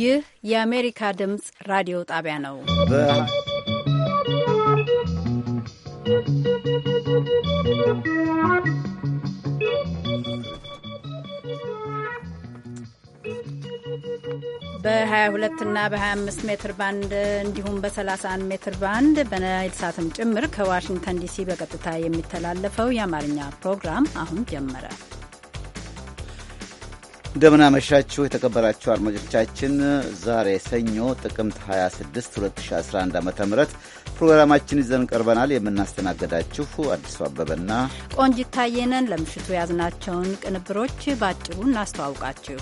ይህ የአሜሪካ ድምፅ ራዲዮ ጣቢያ ነው። በ22 እና በ25 ሜትር ባንድ እንዲሁም በ31 ሜትር ባንድ በናይል ሳትም ጭምር ከዋሽንግተን ዲሲ በቀጥታ የሚተላለፈው የአማርኛ ፕሮግራም አሁን ጀመረ። እንደምናመሻችሁ የተከበራችሁ አድማጮቻችን፣ ዛሬ ሰኞ ጥቅምት 26 2011 ዓ ም ፕሮግራማችን ይዘን ቀርበናል። የምናስተናግዳችሁ አዲሱ አበበና ቆንጂት ለምሽቱ የያዝናቸውን ቅንብሮች በአጭሩ እናስተዋውቃችሁ።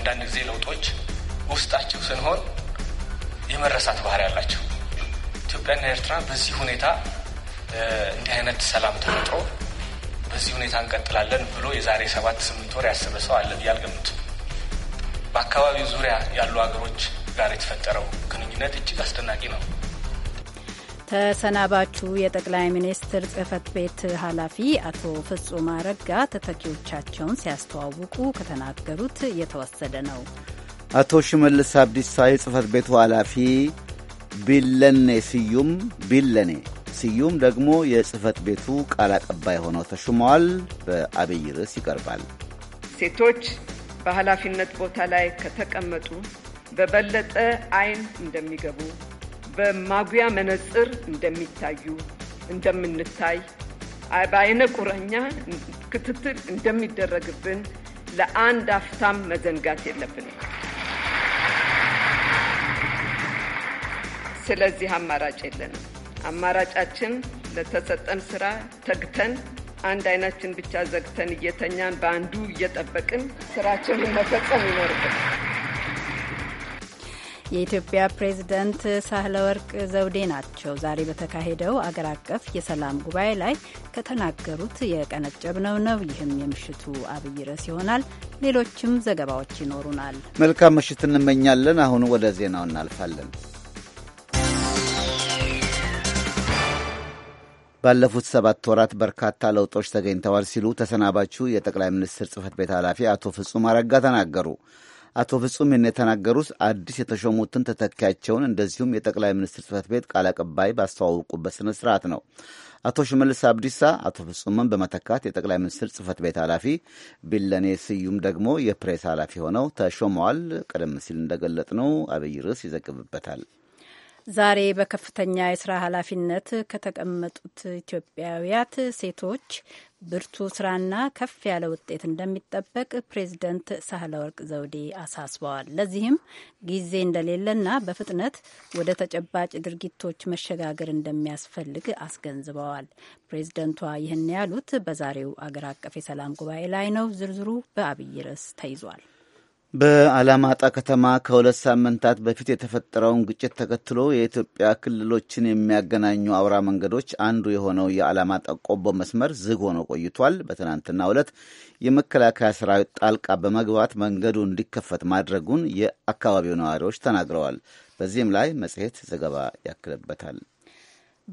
አንዳንድ ጊዜ ለውጦች ውስጣችሁ ስንሆን የመረሳት ባህሪ ያላቸው ኢትዮጵያና ኤርትራ በዚህ ሁኔታ እንዲህ አይነት ሰላም ተፈጥሮ በዚህ ሁኔታ እንቀጥላለን ብሎ የዛሬ ሰባት ስምንት ወር ያሰበ ሰው አለ ብዬ አልገምትም። በአካባቢው ዙሪያ ያሉ ሀገሮች ጋር የተፈጠረው ግንኙነት እጅግ አስደናቂ ነው። ተሰናባቹ የጠቅላይ ሚኒስትር ጽህፈት ቤት ኃላፊ አቶ ፍጹም አረጋ ተተኪዎቻቸውን ሲያስተዋውቁ ከተናገሩት የተወሰደ ነው። አቶ ሽመልስ አብዲሳ የጽህፈት ቤቱ ኃላፊ ቢለኔ ስዩም ቢለኔ ስዩም ደግሞ የጽህፈት ቤቱ ቃል አቀባይ ሆነው ተሹመዋል። በአብይ ርዕስ ይቀርባል። ሴቶች በኃላፊነት ቦታ ላይ ከተቀመጡ በበለጠ አይን እንደሚገቡ፣ በማጉያ መነጽር እንደሚታዩ፣ እንደምንታይ፣ በአይነ ቁረኛ ክትትል እንደሚደረግብን ለአንድ አፍታም መዘንጋት የለብንም። ስለዚህ አማራጭ የለንም። አማራጫችን ለተሰጠን ስራ ተግተን አንድ አይናችን ብቻ ዘግተን እየተኛን በአንዱ እየጠበቅን ስራችንን መፈጸም ይኖርብናል። የኢትዮጵያ ፕሬዝደንት ሳህለ ወርቅ ዘውዴ ናቸው። ዛሬ በተካሄደው አገር አቀፍ የሰላም ጉባኤ ላይ ከተናገሩት የቀነጨብነው ነው። ይህም የምሽቱ አብይ ርዕስ ይሆናል። ሌሎችም ዘገባዎች ይኖሩናል። መልካም ምሽት እንመኛለን። አሁን ወደ ዜናው እናልፋለን። ባለፉት ሰባት ወራት በርካታ ለውጦች ተገኝተዋል ሲሉ ተሰናባቹ የጠቅላይ ሚኒስትር ጽህፈት ቤት ኃላፊ አቶ ፍጹም አረጋ ተናገሩ። አቶ ፍጹም ይህን የተናገሩት አዲስ የተሾሙትን ተተኪያቸውን እንደዚሁም የጠቅላይ ሚኒስትር ጽህፈት ቤት ቃል አቀባይ ባስተዋወቁበት ስነ ስርዓት ነው። አቶ ሽመልስ አብዲሳ አቶ ፍጹምን በመተካት የጠቅላይ ሚኒስትር ጽህፈት ቤት ኃላፊ፣ ቢለኔ ስዩም ደግሞ የፕሬስ ኃላፊ ሆነው ተሾመዋል። ቀደም ሲል እንደገለጥ ነው አብይ ርዕስ ይዘግብበታል። ዛሬ በከፍተኛ የስራ ኃላፊነት ከተቀመጡት ኢትዮጵያውያት ሴቶች ብርቱ ስራና ከፍ ያለ ውጤት እንደሚጠበቅ ፕሬዚደንት ሳህለ ወርቅ ዘውዴ አሳስበዋል። ለዚህም ጊዜ እንደሌለና በፍጥነት ወደ ተጨባጭ ድርጊቶች መሸጋገር እንደሚያስፈልግ አስገንዝበዋል። ፕሬዚደንቷ ይህን ያሉት በዛሬው አገር አቀፍ የሰላም ጉባኤ ላይ ነው። ዝርዝሩ በአብይ ርዕስ ተይዟል። በአላማጣ ከተማ ከሁለት ሳምንታት በፊት የተፈጠረውን ግጭት ተከትሎ የኢትዮጵያ ክልሎችን የሚያገናኙ አውራ መንገዶች አንዱ የሆነው የአላማጣ ቆቦ መስመር ዝግ ሆኖ ቆይቷል። በትናንትና ዕለት የመከላከያ ሰራዊት ጣልቃ በመግባት መንገዱ እንዲከፈት ማድረጉን የአካባቢው ነዋሪዎች ተናግረዋል። በዚህም ላይ መጽሔት ዘገባ ያክልበታል።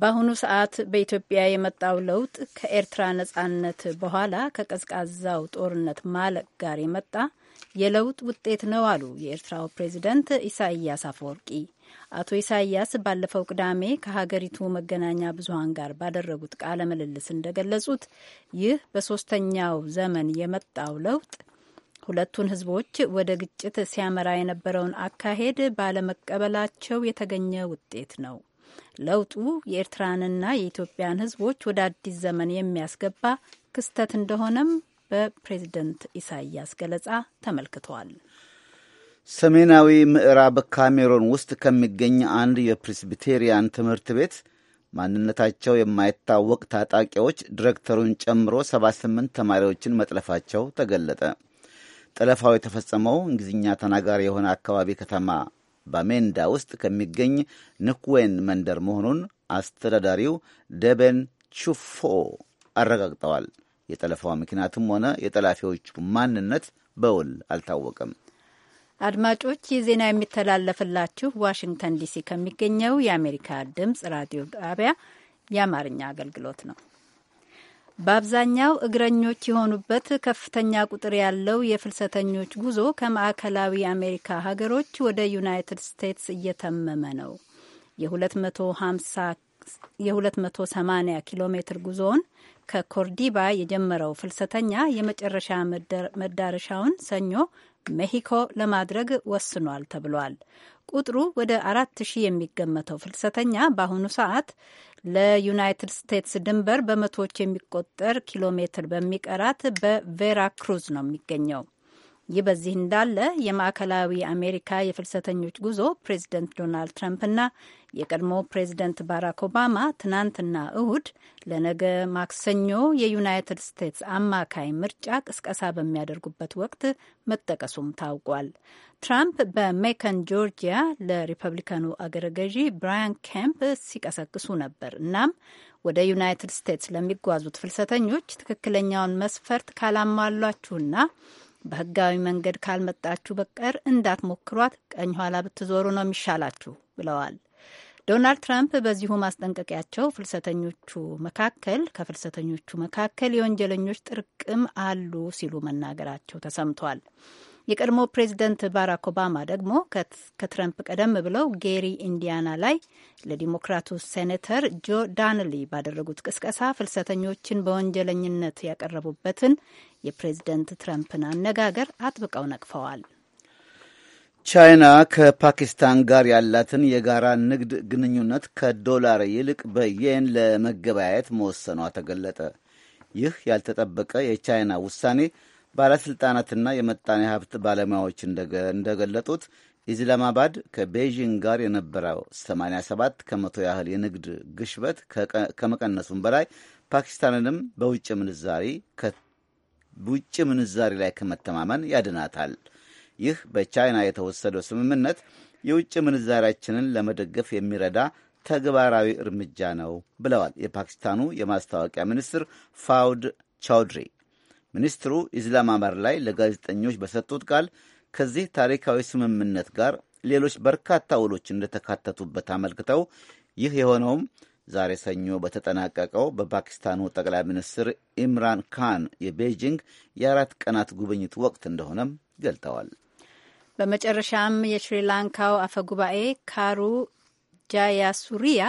በአሁኑ ሰዓት በኢትዮጵያ የመጣው ለውጥ ከኤርትራ ነጻነት በኋላ ከቀዝቃዛው ጦርነት ማለቅ ጋር የመጣ የለውጥ ውጤት ነው አሉ የኤርትራው ፕሬዚደንት ኢሳይያስ አፈወርቂ። አቶ ኢሳይያስ ባለፈው ቅዳሜ ከሀገሪቱ መገናኛ ብዙኃን ጋር ባደረጉት ቃለ ምልልስ እንደገለጹት ይህ በሶስተኛው ዘመን የመጣው ለውጥ ሁለቱን ህዝቦች ወደ ግጭት ሲያመራ የነበረውን አካሄድ ባለመቀበላቸው የተገኘ ውጤት ነው። ለውጡ የኤርትራንና የኢትዮጵያን ህዝቦች ወደ አዲስ ዘመን የሚያስገባ ክስተት እንደሆነም በፕሬዝደንት ኢሳያስ ገለጻ ተመልክተዋል። ሰሜናዊ ምዕራብ ካሜሮን ውስጥ ከሚገኝ አንድ የፕሬስቢቴሪያን ትምህርት ቤት ማንነታቸው የማይታወቅ ታጣቂዎች ዲሬክተሩን ጨምሮ 78 ተማሪዎችን መጥለፋቸው ተገለጠ። ጠለፋው የተፈጸመው እንግሊዝኛ ተናጋሪ የሆነ አካባቢ ከተማ ባሜንዳ ውስጥ ከሚገኝ ንኩዌን መንደር መሆኑን አስተዳዳሪው ደበን ቹፎ አረጋግጠዋል። የጠለፋዋ ምክንያትም ሆነ የጠላፊዎቹ ማንነት በውል አልታወቀም። አድማጮች ይህ ዜና የሚተላለፍላችሁ ዋሽንግተን ዲሲ ከሚገኘው የአሜሪካ ድምፅ ራዲዮ ጣቢያ የአማርኛ አገልግሎት ነው። በአብዛኛው እግረኞች የሆኑበት ከፍተኛ ቁጥር ያለው የፍልሰተኞች ጉዞ ከማዕከላዊ አሜሪካ ሀገሮች ወደ ዩናይትድ ስቴትስ እየተመመ ነው። የ250 የ280 ኪሎ ሜትር ጉዞውን ከኮርዲባ የጀመረው ፍልሰተኛ የመጨረሻ መዳረሻውን ሰኞ ሜሂኮ ለማድረግ ወስኗል ተብሏል። ቁጥሩ ወደ አራት ሺህ የሚገመተው ፍልሰተኛ በአሁኑ ሰዓት ለዩናይትድ ስቴትስ ድንበር በመቶዎች የሚቆጠር ኪሎ ሜትር በሚቀራት በቬራ ክሩዝ ነው የሚገኘው። ይህ በዚህ እንዳለ የማዕከላዊ አሜሪካ የፍልሰተኞች ጉዞ ፕሬዚደንት ዶናልድ ትራምፕና የቀድሞ ፕሬዚደንት ባራክ ኦባማ ትናንትና እሁድ ለነገ ማክሰኞ የዩናይትድ ስቴትስ አማካይ ምርጫ ቅስቀሳ በሚያደርጉበት ወቅት መጠቀሱም ታውቋል። ትራምፕ በሜከን ጆርጂያ ለሪፐብሊካኑ አገረ ገዢ ብራያን ኬምፕ ሲቀሰቅሱ ነበር። እናም ወደ ዩናይትድ ስቴትስ ለሚጓዙት ፍልሰተኞች ትክክለኛውን መስፈርት ካላሟሏችሁና በህጋዊ መንገድ ካልመጣችሁ በቀር እንዳትሞክሯት፣ ቀኝ ኋላ ብትዞሩ ነው የሚሻላችሁ ብለዋል። ዶናልድ ትራምፕ በዚሁ ማስጠንቀቂያቸው ፍልሰተኞቹ መካከል ከፍልሰተኞቹ መካከል የወንጀለኞች ጥርቅም አሉ ሲሉ መናገራቸው ተሰምቷል። የቀድሞ ፕሬዚደንት ባራክ ኦባማ ደግሞ ከትረምፕ ቀደም ብለው ጌሪ ኢንዲያና ላይ ለዲሞክራቱ ሴኔተር ጆ ዳንሊ ባደረጉት ቅስቀሳ ፍልሰተኞችን በወንጀለኝነት ያቀረቡበትን የፕሬዚደንት ትረምፕን አነጋገር አጥብቀው ነቅፈዋል። ቻይና ከፓኪስታን ጋር ያላትን የጋራ ንግድ ግንኙነት ከዶላር ይልቅ በየን ለመገበያየት መወሰኗ ተገለጠ። ይህ ያልተጠበቀ የቻይና ውሳኔ ባለሥልጣናትና የመጣኔ ሀብት ባለሙያዎች እንደገለጡት ኢስላማባድ ከቤይዥንግ ጋር የነበረው 87 ከመቶ ያህል የንግድ ግሽበት ከመቀነሱም በላይ ፓኪስታንንም በውጭ ምንዛሪ ውጭ ምንዛሪ ላይ ከመተማመን ያድናታል። ይህ በቻይና የተወሰደው ስምምነት የውጭ ምንዛሪያችንን ለመደገፍ የሚረዳ ተግባራዊ እርምጃ ነው ብለዋል የፓኪስታኑ የማስታወቂያ ሚኒስትር ፋውድ ቻውድሪ። ሚኒስትሩ ኢስላማባድ ላይ ለጋዜጠኞች በሰጡት ቃል ከዚህ ታሪካዊ ስምምነት ጋር ሌሎች በርካታ ውሎች እንደተካተቱበት አመልክተው ይህ የሆነውም ዛሬ ሰኞ በተጠናቀቀው በፓኪስታኑ ጠቅላይ ሚኒስትር ኢምራን ካን የቤጂንግ የአራት ቀናት ጉብኝት ወቅት እንደሆነም ገልጠዋል። በመጨረሻም የሽሪላንካው አፈጉባኤ ካሩ ጃያሱሪያ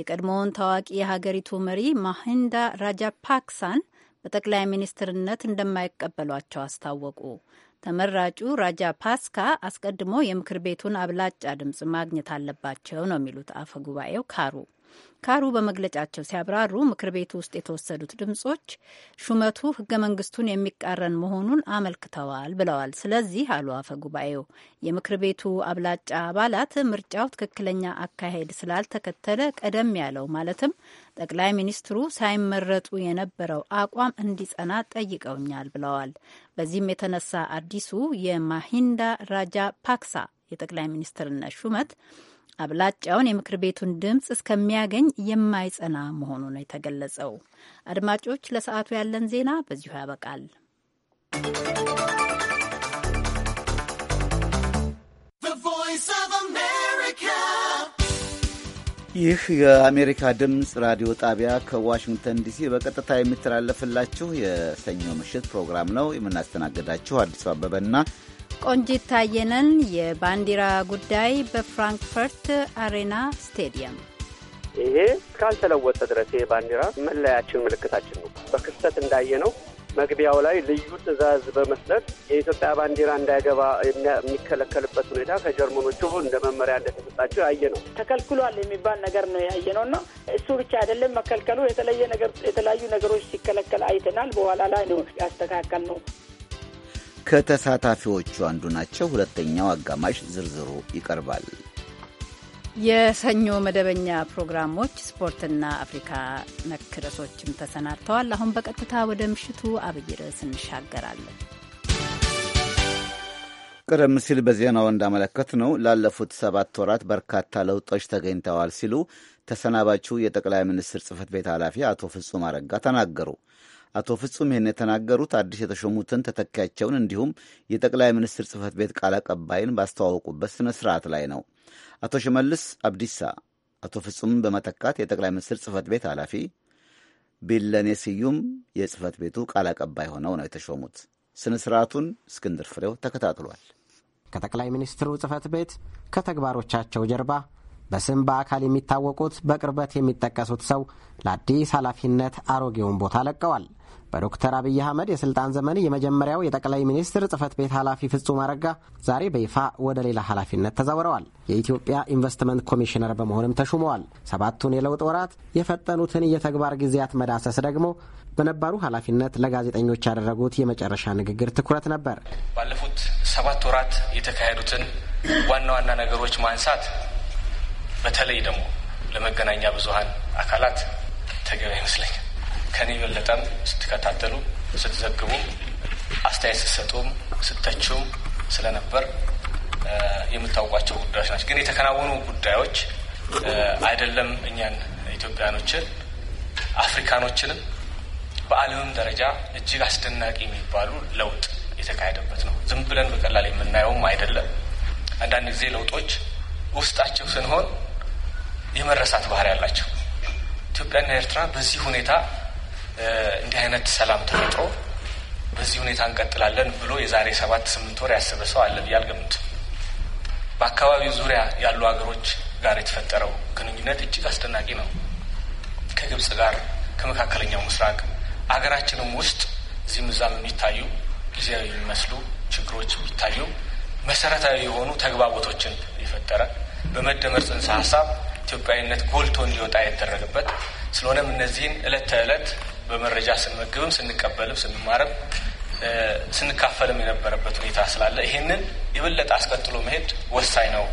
የቀድሞውን ታዋቂ የሀገሪቱ መሪ ማሂንዳ ራጃ ፓክሳን በጠቅላይ ሚኒስትርነት እንደማይቀበሏቸው አስታወቁ። ተመራጩ ራጃ ፓስካ አስቀድሞ የምክር ቤቱን አብላጫ ድምፅ ማግኘት አለባቸው ነው የሚሉት አፈ ጉባኤው ካሩ ካሩ በመግለጫቸው ሲያብራሩ ምክር ቤቱ ውስጥ የተወሰዱት ድምጾች ሹመቱ ህገ መንግስቱን የሚቃረን መሆኑን አመልክተዋል ብለዋል። ስለዚህ አሉ አፈ ጉባኤው የምክር ቤቱ አብላጫ አባላት ምርጫው ትክክለኛ አካሄድ ስላልተከተለ ቀደም ያለው ማለትም ጠቅላይ ሚኒስትሩ ሳይመረጡ የነበረው አቋም እንዲጸና ጠይቀውኛል ብለዋል። በዚህም የተነሳ አዲሱ የማሂንዳ ራጃ ፓክሳ የጠቅላይ ሚኒስትርነት ሹመት አብላጫውን የምክር ቤቱን ድምፅ እስከሚያገኝ የማይጸና መሆኑ ነው የተገለጸው። አድማጮች፣ ለሰዓቱ ያለን ዜና በዚሁ ያበቃል። ይህ የአሜሪካ ድምፅ ራዲዮ ጣቢያ ከዋሽንግተን ዲሲ በቀጥታ የሚተላለፍላችሁ የሰኞ ምሽት ፕሮግራም ነው። የምናስተናግዳችሁ አዲሱ አበበና ቆንጂት ታየነን የባንዲራ ጉዳይ በፍራንክፈርት አሬና ስቴዲየም ይሄ እስካልተለወጠ ድረስ ይሄ ባንዲራ መለያችን፣ ምልክታችን ነው። በክስተት እንዳየነው መግቢያው ላይ ልዩ ትዕዛዝ በመስጠት የኢትዮጵያ ባንዲራ እንዳይገባ የሚከለከልበት ሁኔታ ከጀርመኖቹ እንደ መመሪያ እንደተሰጣቸው ያየ ነው። ተከልክሏል የሚባል ነገር ነው ያየ ነው እና እሱ ብቻ አይደለም መከልከሉ የተለየ ነገር የተለያዩ ነገሮች ሲከለከል አይተናል። በኋላ ላይ ነው ያስተካከል ነው። ከተሳታፊዎቹ አንዱ ናቸው። ሁለተኛው አጋማሽ ዝርዝሩ ይቀርባል። የሰኞ መደበኛ ፕሮግራሞች ስፖርትና አፍሪካ ነክ ርዕሶችም ተሰናድተዋል። አሁን በቀጥታ ወደ ምሽቱ አብይ ርዕስ እንሻገራለን። ቀደም ሲል በዜናው እንዳመለከት ነው ላለፉት ሰባት ወራት በርካታ ለውጦች ተገኝተዋል ሲሉ ተሰናባቹ የጠቅላይ ሚኒስትር ጽህፈት ቤት ኃላፊ አቶ ፍጹም አረጋ ተናገሩ። አቶ ፍጹም ይህን የተናገሩት አዲስ የተሾሙትን ተተኪያቸውን እንዲሁም የጠቅላይ ሚኒስትር ጽህፈት ቤት ቃል አቀባይን ባስተዋወቁበት ስነ ስርዓት ላይ ነው። አቶ ሽመልስ አብዲሳ አቶ ፍጹም በመተካት የጠቅላይ ሚኒስትር ጽህፈት ቤት ኃላፊ፣ ቢለኔ ስዩም የጽህፈት ቤቱ ቃል አቀባይ ሆነው ነው የተሾሙት። ስነ ስርዓቱን እስክንድር ፍሬው ተከታትሏል። ከጠቅላይ ሚኒስትሩ ጽህፈት ቤት ከተግባሮቻቸው ጀርባ በስም በአካል የሚታወቁት በቅርበት የሚጠቀሱት ሰው ለአዲስ ኃላፊነት አሮጌውን ቦታ ለቀዋል። በዶክተር አብይ አህመድ የስልጣን ዘመን የመጀመሪያው የጠቅላይ ሚኒስትር ጽህፈት ቤት ኃላፊ ፍጹም አረጋ ዛሬ በይፋ ወደ ሌላ ኃላፊነት ተዛውረዋል። የኢትዮጵያ ኢንቨስትመንት ኮሚሽነር በመሆንም ተሹመዋል። ሰባቱን የለውጥ ወራት የፈጠኑትን የተግባር ጊዜያት መዳሰስ ደግሞ በነባሩ ኃላፊነት ለጋዜጠኞች ያደረጉት የመጨረሻ ንግግር ትኩረት ነበር። ባለፉት ሰባት ወራት የተካሄዱትን ዋና ዋና ነገሮች ማንሳት በተለይ ደግሞ ለመገናኛ ብዙሀን አካላት ተገቢ አይመስለኛል። ከኔ የበለጠም ስትከታተሉ፣ ስትዘግቡ፣ አስተያየት ስትሰጡም ስተችውም ስለነበር የምታውቋቸው ጉዳዮች ናቸው። ግን የተከናወኑ ጉዳዮች አይደለም እኛን ኢትዮጵያኖችን አፍሪካኖችንም በዓለምም ደረጃ እጅግ አስደናቂ የሚባሉ ለውጥ የተካሄደበት ነው። ዝም ብለን በቀላል የምናየውም አይደለም። አንዳንድ ጊዜ ለውጦች ውስጣቸው ስንሆን የመረሳት ባህሪ ያላቸው ኢትዮጵያና ኤርትራ በዚህ ሁኔታ እንዲህ አይነት ሰላም ተፈጥሮ በዚህ ሁኔታ እንቀጥላለን ብሎ የዛሬ ሰባት ስምንት ወር ያሰበ ሰው አለ ብዬ አልገምትም። በአካባቢው ዙሪያ ያሉ ሀገሮች ጋር የተፈጠረው ግንኙነት እጅግ አስደናቂ ነው። ከግብጽ ጋር ከመካከለኛው ምስራቅ አገራችንም ውስጥ እዚህም እዛም የሚታዩ ጊዜያዊ የሚመስሉ ችግሮች የሚታዩ መሰረታዊ የሆኑ ተግባቦቶችን የፈጠረ በመደመር ጽንሰ ሀሳብ ኢትዮጵያዊነት ጎልቶ እንዲወጣ የተደረገበት ስለሆነም እነዚህን እለት ተዕለት በመረጃ ስንመግብም ስንቀበልም ስንማርም ስንካፈልም የነበረበት ሁኔታ ስላለ ይህንን የበለጠ አስቀጥሎ መሄድ ወሳኝ ነው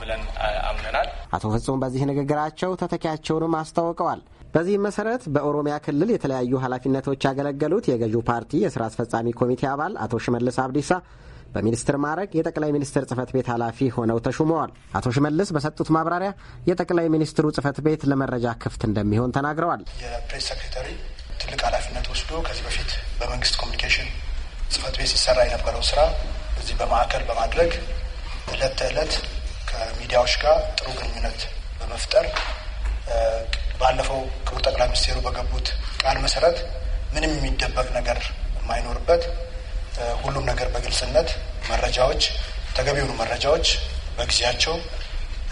ብለን አምነናል። አቶ ፍጹም በዚህ ንግግራቸው ተተኪያቸውንም አስታውቀዋል። በዚህም መሰረት በኦሮሚያ ክልል የተለያዩ ኃላፊነቶች ያገለገሉት የገዢው ፓርቲ የስራ አስፈጻሚ ኮሚቴ አባል አቶ ሽመልስ አብዲሳ በሚኒስትር ማዕረግ የጠቅላይ ሚኒስትር ጽህፈት ቤት ኃላፊ ሆነው ተሹመዋል። አቶ ሽመልስ በሰጡት ማብራሪያ የጠቅላይ ሚኒስትሩ ጽህፈት ቤት ለመረጃ ክፍት እንደሚሆን ተናግረዋል። የፕሬስ ሴክሬታሪ ትልቅ ኃላፊነት ወስዶ ከዚህ በፊት በመንግስት ኮሚኒኬሽን ጽህፈት ቤት ሲሰራ የነበረው ስራ እዚህ በማዕከል በማድረግ እለት ተዕለት ከሚዲያዎች ጋር ጥሩ ግንኙነት በመፍጠር ባለፈው ክቡር ጠቅላይ ሚኒስትሩ በገቡት ቃል መሰረት ምንም የሚደበቅ ነገር የማይኖርበት ሁሉም ነገር በግልጽነት መረጃዎች ተገቢውን መረጃዎች በጊዜያቸው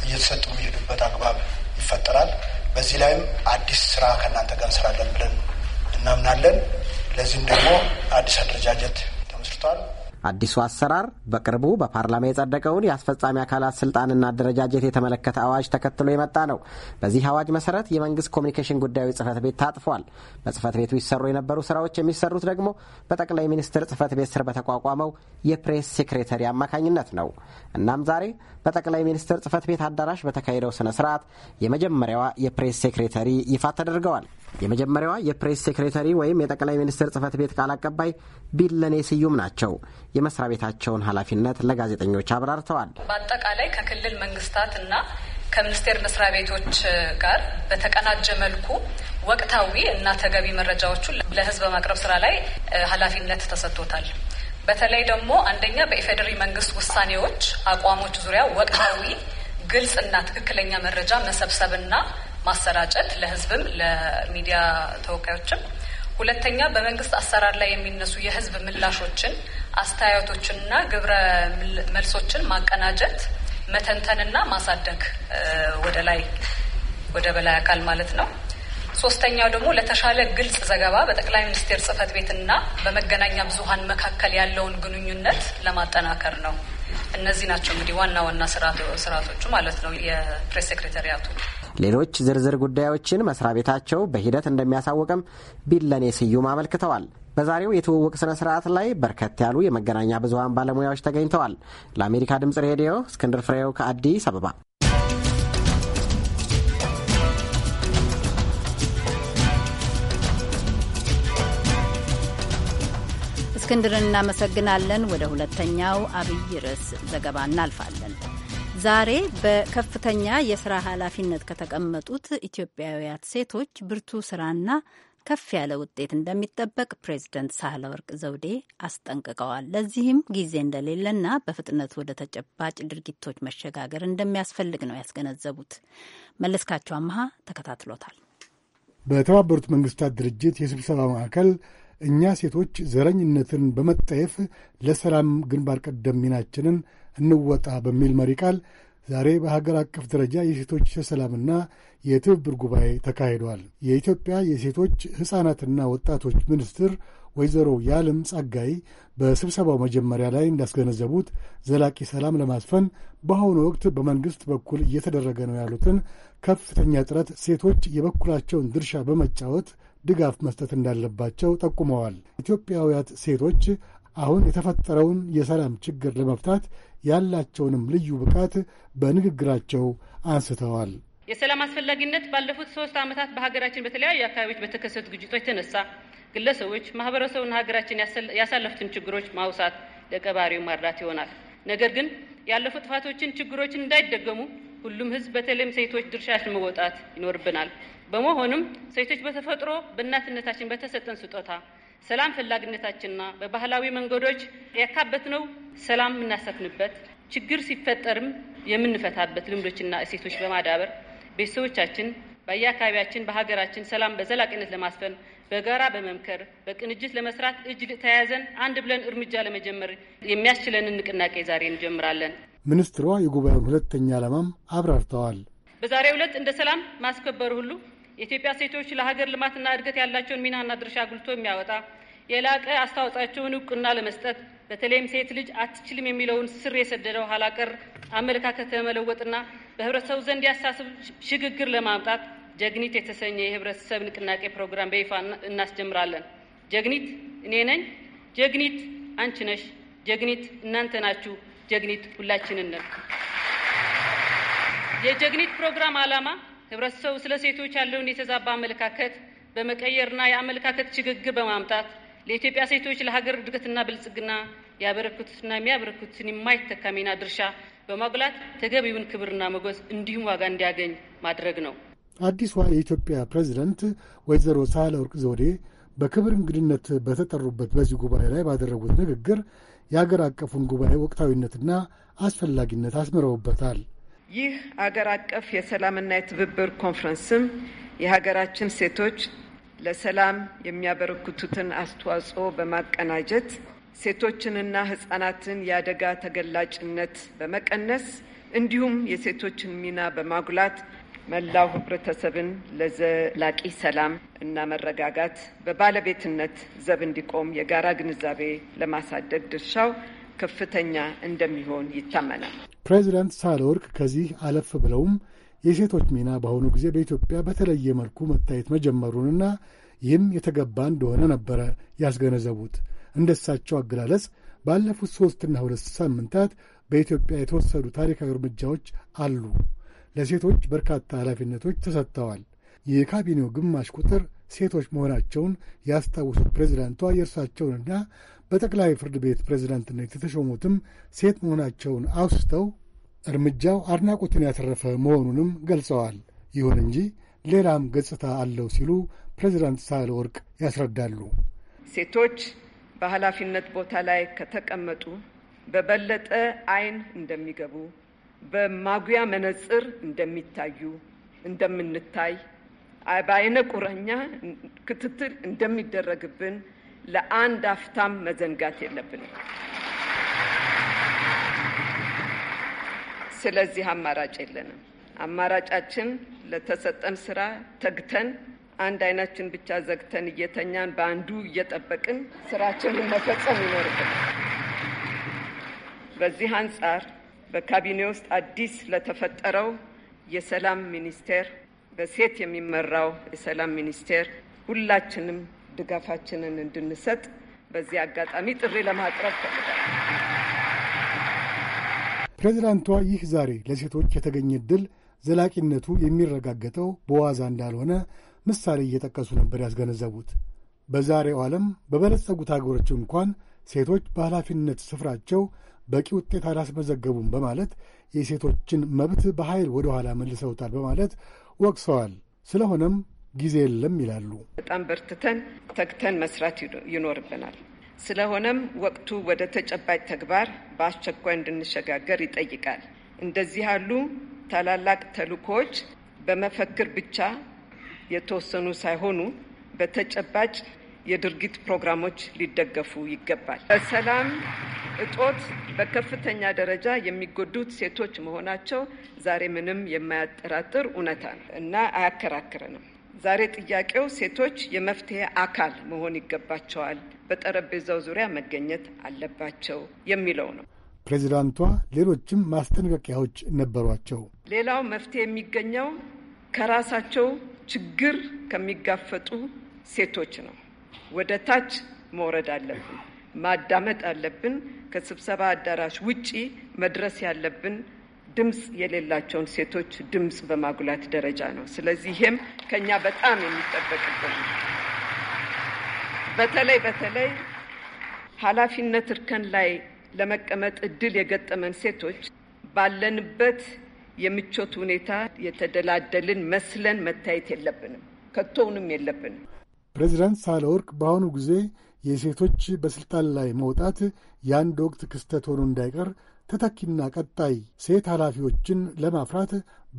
እየተሰጡ የሚሄዱበት አግባብ ይፈጠራል። በዚህ ላይም አዲስ ስራ ከእናንተ ጋር እንሰራለን ብለን እናምናለን። ለዚህም ደግሞ አዲስ አደረጃጀት ተመስርቷል። አዲሱ አሰራር በቅርቡ በፓርላማ የጸደቀውን የአስፈጻሚ አካላት ስልጣንና አደረጃጀት የተመለከተ አዋጅ ተከትሎ የመጣ ነው። በዚህ አዋጅ መሰረት የመንግስት ኮሚኒኬሽን ጉዳዮች ጽህፈት ቤት ታጥፏል። በጽህፈት ቤቱ ይሰሩ የነበሩ ስራዎች የሚሰሩት ደግሞ በጠቅላይ ሚኒስትር ጽህፈት ቤት ስር በተቋቋመው የፕሬስ ሴክሬተሪ አማካኝነት ነው። እናም ዛሬ በጠቅላይ ሚኒስትር ጽህፈት ቤት አዳራሽ በተካሄደው ስነ ስርዓት የመጀመሪያዋ የፕሬስ ሴክሬተሪ ይፋ ተደርገዋል። የመጀመሪያዋ የፕሬስ ሴክሬተሪ ወይም የጠቅላይ ሚኒስትር ጽህፈት ቤት ቃል አቀባይ ቢለኔ ስዩም ናቸው። የመስሪያ ቤታቸውን ኃላፊነት ለጋዜጠኞች አብራርተዋል። በአጠቃላይ ከክልል መንግስታት እና ከሚኒስቴር መስሪያ ቤቶች ጋር በተቀናጀ መልኩ ወቅታዊ እና ተገቢ መረጃዎቹን ለህዝብ በማቅረብ ስራ ላይ ኃላፊነት ተሰጥቶታል። በተለይ ደግሞ አንደኛ በኢፌዴሪ መንግስት ውሳኔዎች፣ አቋሞች ዙሪያ ወቅታዊ ግልጽና ትክክለኛ መረጃ መሰብሰብና ማሰራጨት ለህዝብም ለሚዲያ ተወካዮችም ሁለተኛ በመንግስት አሰራር ላይ የሚነሱ የህዝብ ምላሾችን አስተያየቶችንና ግብረ መልሶችን ማቀናጀት መተንተንና ማሳደግ ወደ ላይ ወደ በላይ አካል ማለት ነው። ሶስተኛው ደግሞ ለተሻለ ግልጽ ዘገባ በጠቅላይ ሚኒስቴር ጽህፈት ቤትና በመገናኛ ብዙሀን መካከል ያለውን ግንኙነት ለማጠናከር ነው። እነዚህ ናቸው እንግዲህ ዋና ዋና ስርዓቶቹ ማለት ነው የፕሬስ ሴክሬታሪያቱ። ሌሎች ዝርዝር ጉዳዮችን መስሪያ ቤታቸው በሂደት እንደሚያሳውቅም ቢለኔ ስዩም አመልክተዋል። በዛሬው የትውውቅ ስነ ስርዓት ላይ በርከት ያሉ የመገናኛ ብዙሀን ባለሙያዎች ተገኝተዋል። ለአሜሪካ ድምጽ ሬዲዮ እስክንድር ፍሬው ከአዲስ አበባ እስክንድርን እናመሰግናለን። ወደ ሁለተኛው አብይ ርዕስ ዘገባ እናልፋለን። ዛሬ በከፍተኛ የስራ ኃላፊነት ከተቀመጡት ኢትዮጵያውያት ሴቶች ብርቱ ስራና ከፍ ያለ ውጤት እንደሚጠበቅ ፕሬዚደንት ሳህለወርቅ ዘውዴ አስጠንቅቀዋል። ለዚህም ጊዜ እንደሌለና በፍጥነት ወደ ተጨባጭ ድርጊቶች መሸጋገር እንደሚያስፈልግ ነው ያስገነዘቡት። መለስካቸው አመሃ ተከታትሎታል። በተባበሩት መንግስታት ድርጅት የስብሰባ ማዕከል እኛ ሴቶች ዘረኝነትን በመጠየፍ ለሰላም ግንባር ቀደም ሚናችንን እንወጣ በሚል መሪ ቃል ዛሬ በሀገር አቀፍ ደረጃ የሴቶች የሰላምና የትብብር ጉባኤ ተካሂዷል። የኢትዮጵያ የሴቶች ሕፃናትና ወጣቶች ሚኒስትር ወይዘሮ የዓለም ጸጋይ በስብሰባው መጀመሪያ ላይ እንዳስገነዘቡት ዘላቂ ሰላም ለማስፈን በአሁኑ ወቅት በመንግሥት በኩል እየተደረገ ነው ያሉትን ከፍተኛ ጥረት ሴቶች የበኩላቸውን ድርሻ በመጫወት ድጋፍ መስጠት እንዳለባቸው ጠቁመዋል። ኢትዮጵያውያት ሴቶች አሁን የተፈጠረውን የሰላም ችግር ለመፍታት ያላቸውንም ልዩ ብቃት በንግግራቸው አንስተዋል። የሰላም አስፈላጊነት ባለፉት ሶስት ዓመታት በሀገራችን በተለያዩ አካባቢዎች በተከሰቱ ግጭቶች የተነሳ ግለሰቦች፣ ማህበረሰቡና ሀገራችን ያሳለፉትን ችግሮች ማውሳት ለቀባሪው ማርዳት ይሆናል። ነገር ግን ያለፉ ጥፋቶችን፣ ችግሮችን እንዳይደገሙ ሁሉም ህዝብ በተለይም ሴቶች ድርሻችን መወጣት ይኖርብናል። በመሆኑም ሴቶች በተፈጥሮ በእናትነታችን በተሰጠን ስጦታ ሰላም ፈላጊነታችንና በባህላዊ መንገዶች ያካበትነው ሰላም የምናሰፍንበት ችግር ሲፈጠርም የምንፈታበት ልምዶችና እሴቶች በማዳበር ቤተሰቦቻችን በየአካባቢያችን በሀገራችን ሰላም በዘላቂነት ለማስፈን በጋራ በመምከር በቅንጅት ለመስራት እጅ ተያያዘን አንድ ብለን እርምጃ ለመጀመር የሚያስችለንን ንቅናቄ ዛሬ እንጀምራለን። ሚኒስትሯ የጉባኤውን ሁለተኛ ዓላማም አብራርተዋል። በዛሬው ዕለት እንደ ሰላም ማስከበር ሁሉ የኢትዮጵያ ሴቶች ለሀገር ልማትና እድገት ያላቸውን ሚናና ድርሻ አጉልቶ የሚያወጣ የላቀ አስተዋጽኦአቸውን እውቅና ለመስጠት በተለይም ሴት ልጅ አትችልም የሚለውን ስር የሰደደው ኋላቀር አመለካከት ለመለወጥና በህብረተሰቡ ዘንድ ያሳስብ ሽግግር ለማምጣት ጀግኒት የተሰኘ የህብረተሰብ ንቅናቄ ፕሮግራም በይፋ እናስጀምራለን። ጀግኒት እኔ ነኝ፣ ጀግኒት አንቺ ነሽ፣ ጀግኒት እናንተ ናችሁ፣ ጀግኒት ሁላችንን ነን። የጀግኒት ፕሮግራም ዓላማ ህብረተሰቡ ስለ ሴቶች ያለውን የተዛባ አመለካከት በመቀየርና የአመለካከት ችግግር በማምጣት ለኢትዮጵያ ሴቶች ለሀገር እድገትና ብልጽግና ያበረክቱትና የሚያበረክቱትን የማይተካ ሚና ድርሻ በማጉላት ተገቢውን ክብርና መጎዝ እንዲሁም ዋጋ እንዲያገኝ ማድረግ ነው። አዲሷ የኢትዮጵያ ፕሬዚደንት ወይዘሮ ሳህለወርቅ ዘውዴ በክብር እንግድነት በተጠሩበት በዚህ ጉባኤ ላይ ባደረጉት ንግግር የአገር አቀፉን ጉባኤ ወቅታዊነትና አስፈላጊነት አስምረውበታል። ይህ አገር አቀፍ የሰላምና የትብብር ኮንፈረንስም የሀገራችን ሴቶች ለሰላም የሚያበረክቱትን አስተዋጽኦ በማቀናጀት ሴቶችንና ህጻናትን የአደጋ ተገላጭነት በመቀነስ እንዲሁም የሴቶችን ሚና በማጉላት መላው ህብረተሰብን ለዘላቂ ሰላም እና መረጋጋት በባለቤትነት ዘብ እንዲቆም የጋራ ግንዛቤ ለማሳደግ ድርሻው ከፍተኛ እንደሚሆን ይታመናል። ፕሬዚዳንት ሳህለወርቅ ከዚህ አለፍ ብለውም የሴቶች ሚና በአሁኑ ጊዜ በኢትዮጵያ በተለየ መልኩ መታየት መጀመሩንና ይህም የተገባ እንደሆነ ነበረ ያስገነዘቡት። እንደሳቸው አገላለጽ ባለፉት ሦስትና ሁለት ሳምንታት በኢትዮጵያ የተወሰዱ ታሪካዊ እርምጃዎች አሉ። ለሴቶች በርካታ ኃላፊነቶች ተሰጥተዋል። የካቢኔው ግማሽ ቁጥር ሴቶች መሆናቸውን ያስታውሱት ፕሬዚዳንቷ የእርሳቸውንና በጠቅላይ ፍርድ ቤት ፕሬዝዳንትነት የተሾሙትም ሴት መሆናቸውን አውስተው እርምጃው አድናቆትን ያተረፈ መሆኑንም ገልጸዋል። ይሁን እንጂ ሌላም ገጽታ አለው ሲሉ ሳህለ ወርቅ ያስረዳሉ። ሴቶች በኃላፊነት ቦታ ላይ ከተቀመጡ በበለጠ አይን እንደሚገቡ፣ በማጉያ መነጽር እንደሚታዩ፣ እንደምንታይ፣ በአይነ ቁረኛ ክትትል እንደሚደረግብን ለአንድ አፍታም መዘንጋት የለብንም። ስለዚህ አማራጭ የለንም። አማራጫችን ለተሰጠን ስራ ተግተን አንድ አይናችን ብቻ ዘግተን እየተኛን በአንዱ እየጠበቅን ስራችንን መፈጸም ይኖርብናል። በዚህ አንጻር በካቢኔ ውስጥ አዲስ ለተፈጠረው የሰላም ሚኒስቴር በሴት የሚመራው የሰላም ሚኒስቴር ሁላችንም ድጋፋችንን እንድንሰጥ በዚህ አጋጣሚ ጥሪ ለማቅረብ ፈልጋል። ፕሬዚዳንቷ ይህ ዛሬ ለሴቶች የተገኘ ድል ዘላቂነቱ የሚረጋገጠው በዋዛ እንዳልሆነ ምሳሌ እየጠቀሱ ነበር ያስገነዘቡት። በዛሬው ዓለም በበለጸጉት አገሮች እንኳን ሴቶች በኃላፊነት ስፍራቸው በቂ ውጤት አላስመዘገቡም በማለት የሴቶችን መብት በኃይል ወደ ኋላ መልሰውታል በማለት ወቅሰዋል። ስለሆነም ጊዜ የለም ይላሉ። በጣም በርትተን ተግተን መስራት ይኖርብናል። ስለሆነም ወቅቱ ወደ ተጨባጭ ተግባር በአስቸኳይ እንድንሸጋገር ይጠይቃል። እንደዚህ ያሉ ታላላቅ ተልእኮዎች በመፈክር ብቻ የተወሰኑ ሳይሆኑ በተጨባጭ የድርጊት ፕሮግራሞች ሊደገፉ ይገባል። በሰላም እጦት በከፍተኛ ደረጃ የሚጎዱት ሴቶች መሆናቸው ዛሬ ምንም የማያጠራጥር እውነታ ነው እና አያከራክረንም። ዛሬ ጥያቄው ሴቶች የመፍትሄ አካል መሆን ይገባቸዋል፣ በጠረጴዛው ዙሪያ መገኘት አለባቸው የሚለው ነው። ፕሬዚዳንቷ ሌሎችም ማስጠንቀቂያዎች ነበሯቸው። ሌላው መፍትሄ የሚገኘው ከራሳቸው ችግር ከሚጋፈጡ ሴቶች ነው። ወደ ታች መውረድ አለብን፣ ማዳመጥ አለብን። ከስብሰባ አዳራሽ ውጪ መድረስ ያለብን ድምፅ የሌላቸውን ሴቶች ድምፅ በማጉላት ደረጃ ነው። ስለዚህ ይህም ከኛ በጣም የሚጠበቅብን ነው። በተለይ በተለይ ኃላፊነት እርከን ላይ ለመቀመጥ እድል የገጠመን ሴቶች ባለንበት የምቾት ሁኔታ የተደላደልን መስለን መታየት የለብንም፣ ከቶውንም የለብንም። ፕሬዚዳንት ሳህለወርቅ በአሁኑ ጊዜ የሴቶች በስልጣን ላይ መውጣት የአንድ ወቅት ክስተት ሆኖ እንዳይቀር ተተኪና ቀጣይ ሴት ኃላፊዎችን ለማፍራት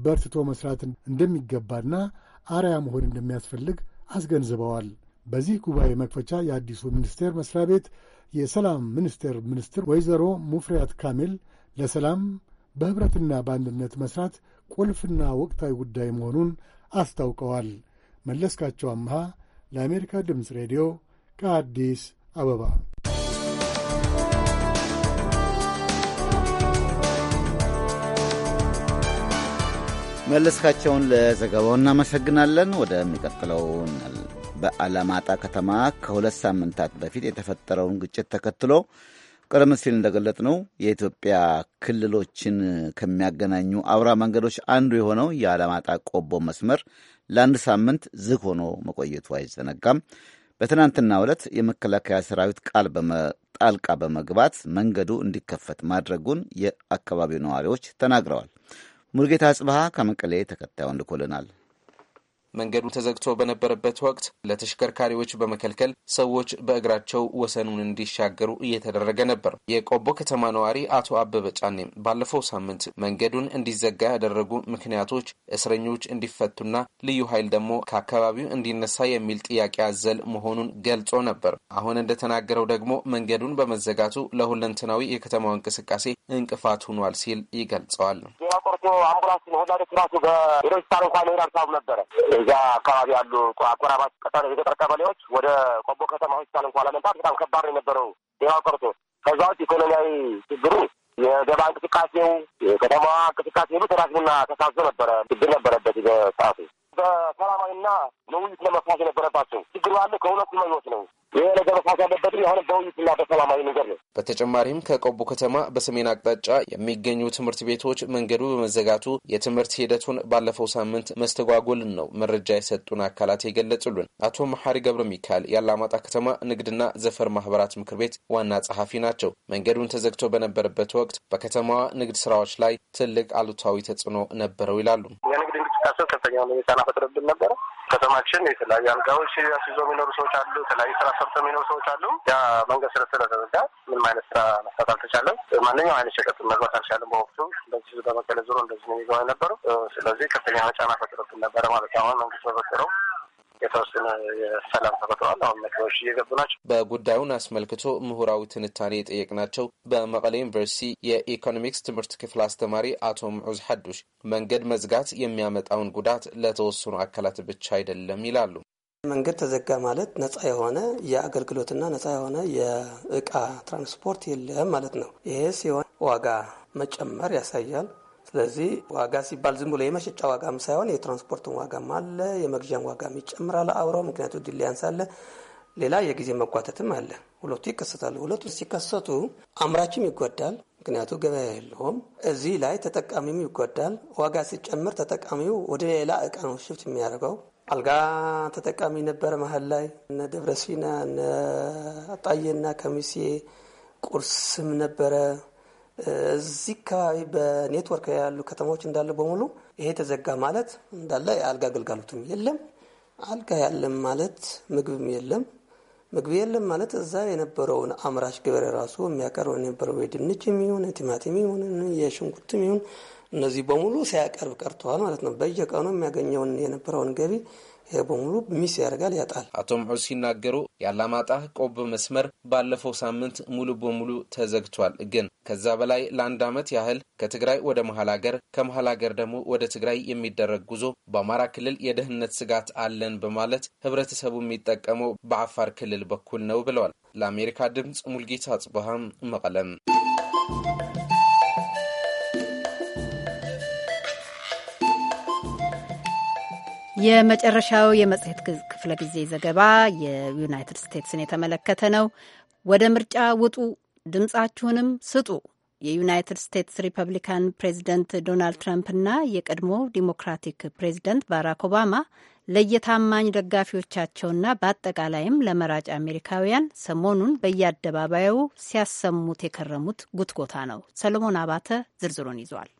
በርትቶ መስራት እንደሚገባና አርያ መሆን እንደሚያስፈልግ አስገንዝበዋል። በዚህ ጉባኤ መክፈቻ የአዲሱ ሚኒስቴር መስሪያ ቤት የሰላም ሚኒስቴር ሚኒስትር ወይዘሮ ሙፍሪያት ካሚል ለሰላም በኅብረትና በአንድነት መስራት ቁልፍና ወቅታዊ ጉዳይ መሆኑን አስታውቀዋል። መለስካቸው አምሃ ለአሜሪካ ድምፅ ሬዲዮ ከአዲስ አበባ መለስካቸውን ለዘገባው እናመሰግናለን። ወደሚቀጥለው በአላማጣ ከተማ ከሁለት ሳምንታት በፊት የተፈጠረውን ግጭት ተከትሎ ቀደም ሲል እንደገለጥ ነው የኢትዮጵያ ክልሎችን ከሚያገናኙ አውራ መንገዶች አንዱ የሆነው የአላማጣ ቆቦ መስመር ለአንድ ሳምንት ዝግ ሆኖ መቆየቱ አይዘነጋም። በትናንትናው ዕለት የመከላከያ ሰራዊት ቃል ጣልቃ በመግባት መንገዱ እንዲከፈት ማድረጉን የአካባቢው ነዋሪዎች ተናግረዋል። ሙርጌታ ጽብሃ ከመቀሌ ተከታዩን ልኮልናል። መንገዱ ተዘግቶ በነበረበት ወቅት ለተሽከርካሪዎች በመከልከል ሰዎች በእግራቸው ወሰኑን እንዲሻገሩ እየተደረገ ነበር። የቆቦ ከተማ ነዋሪ አቶ አበበ ጫኔ ባለፈው ሳምንት መንገዱን እንዲዘጋ ያደረጉ ምክንያቶች እስረኞች እንዲፈቱና ልዩ ኃይል ደግሞ ከአካባቢው እንዲነሳ የሚል ጥያቄ አዘል መሆኑን ገልጾ ነበር። አሁን እንደተናገረው ደግሞ መንገዱን በመዘጋቱ ለሁለንትናዊ የከተማው እንቅስቃሴ እንቅፋት ሆኗል ሲል ይገልጸዋል። አምቡላንስ ወላዶች ራሱ በሆስፒታል እንኳን መሄድ አልቻሉም ነበረ። እዚያ አካባቢ ያሉ አቆራባች የገጠር ቀበሌዎች ወደ ቆቦ ከተማ ሆስፒታል እንኳን ለመምጣት በጣም ከባድ የነበረው። ሌላው ቀርቶ ከዛ ውጭ ኢኮኖሚያዊ ችግሩ የገባ እንቅስቃሴው የከተማዋ እንቅስቃሴ ብት ተራዝሙና ተሳዞ ነበረ። ችግር ነበረበት በሰዓቱ በሰላማዊና በውይይት ለመፍታት የነበረባቸው ችግሩ አለ ከሁለቱ መኞት ነው ይህ ነገር መሳት ያለበትም አሁንም በውይይትና በሰላማዊ ነገር ነው። በተጨማሪም ከቆቦ ከተማ በሰሜን አቅጣጫ የሚገኙ ትምህርት ቤቶች መንገዱ በመዘጋቱ የትምህርት ሂደቱን ባለፈው ሳምንት መስተጓጎልን ነው መረጃ የሰጡን አካላት የገለጹልን። አቶ መሐሪ ገብረ ሚካኤል የአላማጣ ከተማ ንግድና ዘፈር ማህበራት ምክር ቤት ዋና ጸሐፊ ናቸው። መንገዱን ተዘግቶ በነበረበት ወቅት በከተማዋ ንግድ ስራዎች ላይ ትልቅ አሉታዊ ተጽዕኖ ነበረው ይላሉ። መታሰብ ከፍተኛ ሁኔታን ፈጥሮብን ነበረ። ከተማችን የተለያዩ አልጋዎች አስይዞ የሚኖሩ ሰዎች አሉ። የተለያዩ ስራ ሰርቶ የሚኖሩ ሰዎች አሉ። ያ መንገድ ስረት ስለተዘጋ ምንም አይነት ስራ መስራት አልተቻለም። ማንኛውም አይነት ሸቀጥ መግባት አልቻለም። በወቅቱ እንደዚህ በመቀለ ዙሮ እንደዚህ ነው የሚገባ ነበሩ። ስለዚህ ከፍተኛ መጫና ፈጥሮብን ነበረ ማለት አሁን መንግስት በፈጠረው የተወሰነ ሰላም ተፈጥሯል። አሁን መኪናዎች እየገቡ ናቸው። በጉዳዩን አስመልክቶ ምሁራዊ ትንታኔ የጠየቅናቸው በመቀሌ ዩኒቨርሲቲ የኢኮኖሚክስ ትምህርት ክፍል አስተማሪ አቶ ምዑዝ ሐዱሽ መንገድ መዝጋት የሚያመጣውን ጉዳት ለተወሰኑ አካላት ብቻ አይደለም ይላሉ። መንገድ ተዘጋ ማለት ነጻ የሆነ የአገልግሎትና ነጻ የሆነ የእቃ ትራንስፖርት የለም ማለት ነው። ይሄ ሲሆን ዋጋ መጨመር ያሳያል። ስለዚህ ዋጋ ሲባል ዝም ብሎ የመሸጫ ዋጋም ሳይሆን የትራንስፖርትን ዋጋም አለ፣ የመግዣን ዋጋም ይጨምራል አብረው። ምክንያቱ ድሊያንስ አለ ሌላ የጊዜ መጓተትም አለ። ሁለቱ ይከሰታሉ። ሁለቱ ሲከሰቱ አምራችም ይጎዳል፣ ምክንያቱ ገበያ የለውም። እዚህ ላይ ተጠቃሚም ይጎዳል። ዋጋ ሲጨምር ተጠቃሚው ወደ ሌላ እቃ ነው ሽፍት የሚያደርገው። አልጋ ተጠቃሚ ነበር መሀል ላይ እነ ደብረሲና እነ ጣዬና ከሚሴ ቁርስም ነበረ እዚህ አካባቢ በኔትወርክ ያሉ ከተማዎች እንዳለ በሙሉ ይሄ ተዘጋ ማለት እንዳለ የአልጋ አገልጋሎትም የለም። አልጋ ያለም ማለት ምግብም የለም። ምግብ የለም ማለት እዛ የነበረውን አምራች ገበሬ ራሱ የሚያቀርበው የነበረው የድንች የሚሆን የቲማቲም የሚሆን የሽንኩርት የሚሆን እነዚህ በሙሉ ሳያቀርብ ቀርተዋል ማለት ነው። በየቀኑ የሚያገኘውን የነበረውን ገቢ በሙሉ ሚስ ያደርጋል፣ ያጣል። አቶ ምዑዝ ሲናገሩ የአላማጣ ቆቦ መስመር ባለፈው ሳምንት ሙሉ በሙሉ ተዘግቷል። ግን ከዛ በላይ ለአንድ ዓመት ያህል ከትግራይ ወደ መሀል ሀገር ከመሀል ሀገር ደግሞ ወደ ትግራይ የሚደረግ ጉዞ በአማራ ክልል የደህንነት ስጋት አለን በማለት ህብረተሰቡ የሚጠቀመው በአፋር ክልል በኩል ነው ብለዋል። ለአሜሪካ ድምፅ ሙልጌታ አጽበሃም መቀለም የመጨረሻው የመጽሔት ክፍለ ጊዜ ዘገባ የዩናይትድ ስቴትስን የተመለከተ ነው። ወደ ምርጫ ውጡ፣ ድምፃችሁንም ስጡ። የዩናይትድ ስቴትስ ሪፐብሊካን ፕሬዚደንት ዶናልድ ትራምፕና የቀድሞ ዲሞክራቲክ ፕሬዚደንት ባራክ ኦባማ ለየታማኝ ደጋፊዎቻቸውና በአጠቃላይም ለመራጭ አሜሪካውያን ሰሞኑን በየአደባባዩ ሲያሰሙት የከረሙት ጉትጎታ ነው። ሰሎሞን አባተ ዝርዝሩን ይዟል።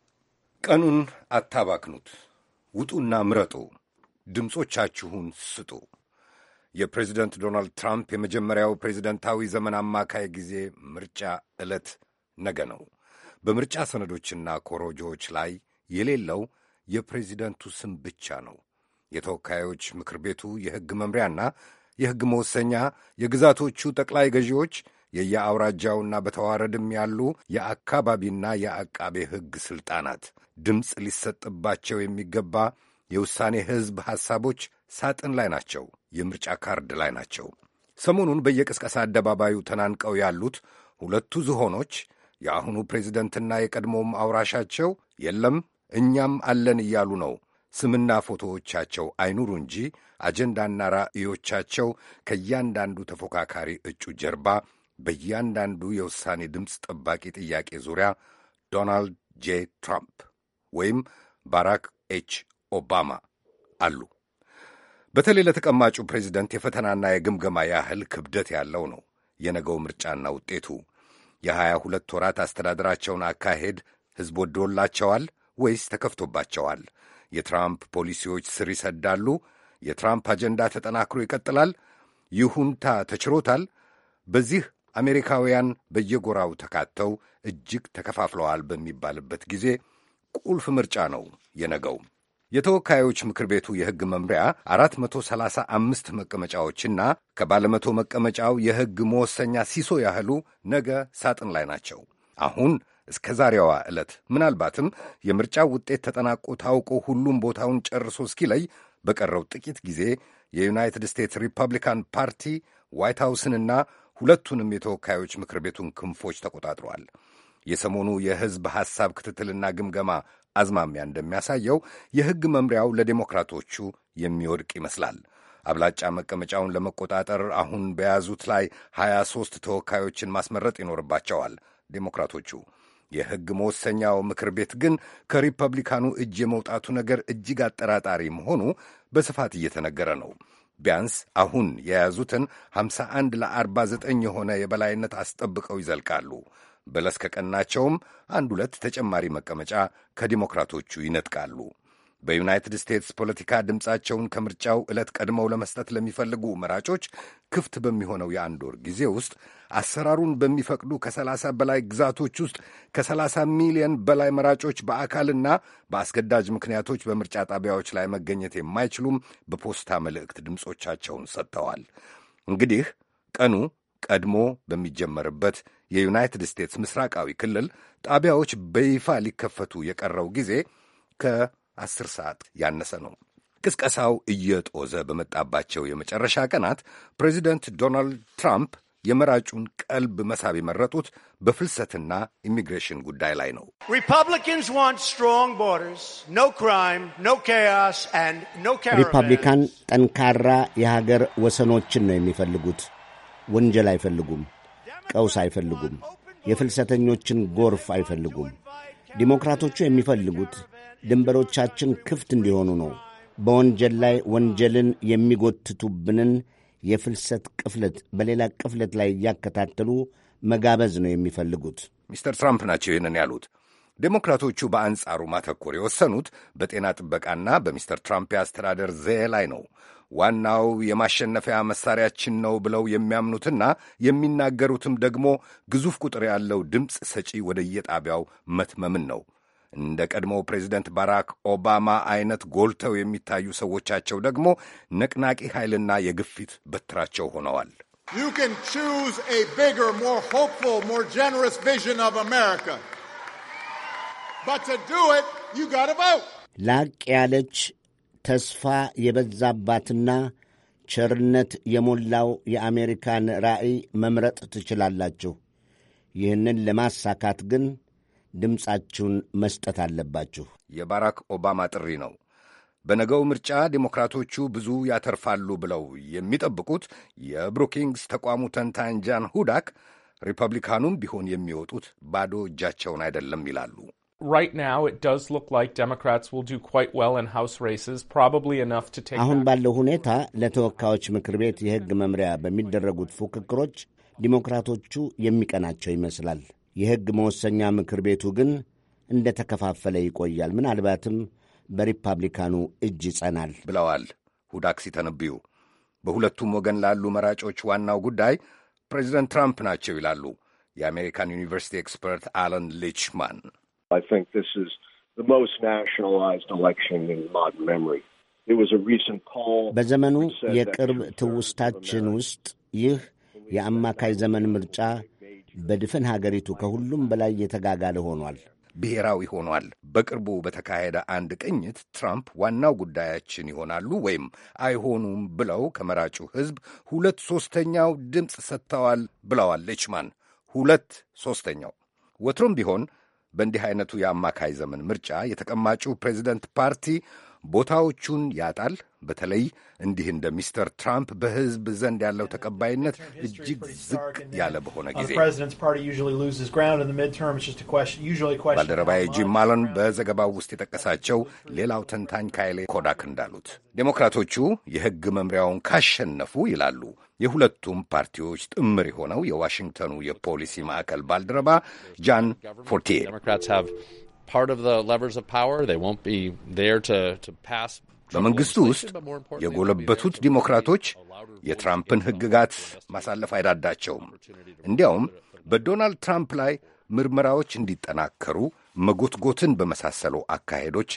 ቀኑን አታባክኑት፣ ውጡና ምረጡ ድምፆቻችሁን ስጡ። የፕሬዚደንት ዶናልድ ትራምፕ የመጀመሪያው ፕሬዚደንታዊ ዘመን አማካይ ጊዜ ምርጫ ዕለት ነገ ነው። በምርጫ ሰነዶችና ኮሮጆዎች ላይ የሌለው የፕሬዚደንቱ ስም ብቻ ነው። የተወካዮች ምክር ቤቱ የሕግ መምሪያና የሕግ መወሰኛ የግዛቶቹ ጠቅላይ ገዢዎች የየአውራጃውና በተዋረድም ያሉ የአካባቢና የአቃቤ ሕግ ሥልጣናት ድምፅ ሊሰጥባቸው የሚገባ የውሳኔ ሕዝብ ሐሳቦች ሳጥን ላይ ናቸው፣ የምርጫ ካርድ ላይ ናቸው። ሰሞኑን በየቅስቀሳ አደባባዩ ተናንቀው ያሉት ሁለቱ ዝሆኖች የአሁኑ ፕሬዚደንትና የቀድሞም አውራሻቸው የለም እኛም አለን እያሉ ነው። ስምና ፎቶዎቻቸው አይኑሩ እንጂ አጀንዳና ራዕዮቻቸው ከእያንዳንዱ ተፎካካሪ እጩ ጀርባ በእያንዳንዱ የውሳኔ ድምፅ ጠባቂ ጥያቄ ዙሪያ ዶናልድ ጄ ትራምፕ ወይም ባራክ ኤች ኦባማ አሉ። በተለይ ለተቀማጩ ፕሬዚደንት የፈተናና የግምገማ ያህል ክብደት ያለው ነው የነገው ምርጫና ውጤቱ። የሀያ ሁለት ወራት አስተዳደራቸውን አካሄድ ሕዝብ ወዶላቸዋል ወይስ ተከፍቶባቸዋል? የትራምፕ ፖሊሲዎች ስር ይሰዳሉ? የትራምፕ አጀንዳ ተጠናክሮ ይቀጥላል? ይሁንታ ተችሮታል? በዚህ አሜሪካውያን በየጎራው ተካተው እጅግ ተከፋፍለዋል በሚባልበት ጊዜ ቁልፍ ምርጫ ነው የነገው። የተወካዮች ምክር ቤቱ የሕግ መምሪያ 435 መቀመጫዎችና ከባለመቶ መቀመጫው የሕግ መወሰኛ ሲሶ ያህሉ ነገ ሳጥን ላይ ናቸው። አሁን እስከ ዛሬዋ ዕለት ምናልባትም የምርጫው ውጤት ተጠናቆ ታውቆ ሁሉም ቦታውን ጨርሶ እስኪለይ በቀረው ጥቂት ጊዜ የዩናይትድ ስቴትስ ሪፐብሊካን ፓርቲ ዋይት ሃውስንና ሁለቱንም የተወካዮች ምክር ቤቱን ክንፎች ተቆጣጥረዋል። የሰሞኑ የሕዝብ ሐሳብ ክትትልና ግምገማ አዝማሚያ እንደሚያሳየው የሕግ መምሪያው ለዴሞክራቶቹ የሚወድቅ ይመስላል። አብላጫ መቀመጫውን ለመቆጣጠር አሁን በያዙት ላይ 23 ተወካዮችን ማስመረጥ ይኖርባቸዋል ዴሞክራቶቹ። የሕግ መወሰኛው ምክር ቤት ግን ከሪፐብሊካኑ እጅ የመውጣቱ ነገር እጅግ አጠራጣሪ መሆኑ በስፋት እየተነገረ ነው። ቢያንስ አሁን የያዙትን 51 ለ49 የሆነ የበላይነት አስጠብቀው ይዘልቃሉ። በለስ ከቀናቸውም አንድ ሁለት ተጨማሪ መቀመጫ ከዲሞክራቶቹ ይነጥቃሉ። በዩናይትድ ስቴትስ ፖለቲካ ድምፃቸውን ከምርጫው ዕለት ቀድመው ለመስጠት ለሚፈልጉ መራጮች ክፍት በሚሆነው የአንድ ወር ጊዜ ውስጥ አሰራሩን በሚፈቅዱ ከሰላሳ በላይ ግዛቶች ውስጥ ከሰላሳ ሚሊዮን በላይ መራጮች በአካልና በአስገዳጅ ምክንያቶች በምርጫ ጣቢያዎች ላይ መገኘት የማይችሉም በፖስታ መልእክት ድምፆቻቸውን ሰጥተዋል። እንግዲህ ቀኑ ቀድሞ በሚጀመርበት የዩናይትድ ስቴትስ ምስራቃዊ ክልል ጣቢያዎች በይፋ ሊከፈቱ የቀረው ጊዜ ከአስር ሰዓት ያነሰ ነው። ቅስቀሳው እየጦዘ በመጣባቸው የመጨረሻ ቀናት ፕሬዚደንት ዶናልድ ትራምፕ የመራጩን ቀልብ መሳብ የመረጡት በፍልሰትና ኢሚግሬሽን ጉዳይ ላይ ነው። ሪፐብሊካን ጠንካራ የሀገር ወሰኖችን ነው የሚፈልጉት፣ ወንጀል አይፈልጉም። ቀውስ አይፈልጉም። የፍልሰተኞችን ጎርፍ አይፈልጉም። ዲሞክራቶቹ የሚፈልጉት ድንበሮቻችን ክፍት እንዲሆኑ ነው። በወንጀል ላይ ወንጀልን የሚጎትቱብንን የፍልሰት ቅፍለት በሌላ ቅፍለት ላይ እያከታተሉ መጋበዝ ነው የሚፈልጉት። ሚስተር ትራምፕ ናቸው ይህንን ያሉት። ዴሞክራቶቹ በአንጻሩ ማተኮር የወሰኑት በጤና ጥበቃና በሚስተር ትራምፕ የአስተዳደር ዘዬ ላይ ነው። ዋናው የማሸነፊያ መሳሪያችን ነው ብለው የሚያምኑትና የሚናገሩትም ደግሞ ግዙፍ ቁጥር ያለው ድምፅ ሰጪ ወደየጣቢያው መትመምን ነው። እንደ ቀድሞው ፕሬዚደንት ባራክ ኦባማ አይነት ጎልተው የሚታዩ ሰዎቻቸው ደግሞ ነቅናቂ ኃይልና የግፊት በትራቸው ሆነዋል። You can choose a bigger, more hopeful, more generous vision of America. ላቅ ያለች ተስፋ የበዛባትና ቸርነት የሞላው የአሜሪካን ራዕይ መምረጥ ትችላላችሁ። ይህንን ለማሳካት ግን ድምፃችሁን መስጠት አለባችሁ። የባራክ ኦባማ ጥሪ ነው። በነገው ምርጫ ዴሞክራቶቹ ብዙ ያተርፋሉ ብለው የሚጠብቁት የብሩኪንግስ ተቋሙ ተንታኝ ጃን ሁዳክ ሪፐብሊካኑም ቢሆን የሚወጡት ባዶ እጃቸውን አይደለም ይላሉ። right now it does look like Democrats will do quite well in House races, probably enough to take አሁን ባለው ሁኔታ ለተወካዮች ምክር ቤት የህግ መምሪያ በሚደረጉት ፉክክሮች ዲሞክራቶቹ የሚቀናቸው ይመስላል። የህግ መወሰኛ ምክር ቤቱ ግን እንደ ተከፋፈለ ይቆያል፣ ምናልባትም በሪፐብሊካኑ እጅ ይጸናል ብለዋል ሁዳክሲ ሲተነብዩ። በሁለቱም ወገን ላሉ መራጮች ዋናው ጉዳይ ፕሬዚደንት ትራምፕ ናቸው ይላሉ የአሜሪካን ዩኒቨርሲቲ ኤክስፐርት አለን ሊችማን። I think this is the most nationalized election in modern memory. It was a recent poll. በዘመኑ የቅርብ ትውስታችን ውስጥ ይህ የአማካይ ዘመን ምርጫ በድፍን ሀገሪቱ ከሁሉም በላይ የተጋጋለ ሆኗል፣ ብሔራዊ ሆኗል። በቅርቡ በተካሄደ አንድ ቅኝት ትራምፕ ዋናው ጉዳያችን ይሆናሉ ወይም አይሆኑም ብለው ከመራጩ ሕዝብ ሁለት ሦስተኛው ድምፅ ሰጥተዋል ብለዋል ሌችማን። ሁለት ሦስተኛው ወትሮም ቢሆን በእንዲህ አይነቱ የአማካይ ዘመን ምርጫ የተቀማጩ ፕሬዚደንት ፓርቲ ቦታዎቹን ያጣል። በተለይ እንዲህ እንደ ሚስተር ትራምፕ በሕዝብ ዘንድ ያለው ተቀባይነት እጅግ ዝቅ ያለ በሆነ ጊዜ ባልደረባዬ ጂም ማለን በዘገባው ውስጥ የጠቀሳቸው ሌላው ተንታኝ ካይሌ ኮዳክ እንዳሉት ዴሞክራቶቹ የሕግ መምሪያውን ካሸነፉ ይላሉ የሁለቱም ፓርቲዎች ጥምር የሆነው የዋሽንግተኑ የፖሊሲ ማዕከል ባልደረባ ጃን ፎርቲዬ part of the levers of power. They won't be there to, to pass ውስጥ የጎለበቱት ዲሞክራቶች የትራምፕን ሕግጋት ማሳለፍ አይዳዳቸውም። እንዲያውም በዶናልድ ትራምፕ ላይ ምርመራዎች እንዲጠናከሩ መጎትጎትን በመሳሰሉ አካሄዶች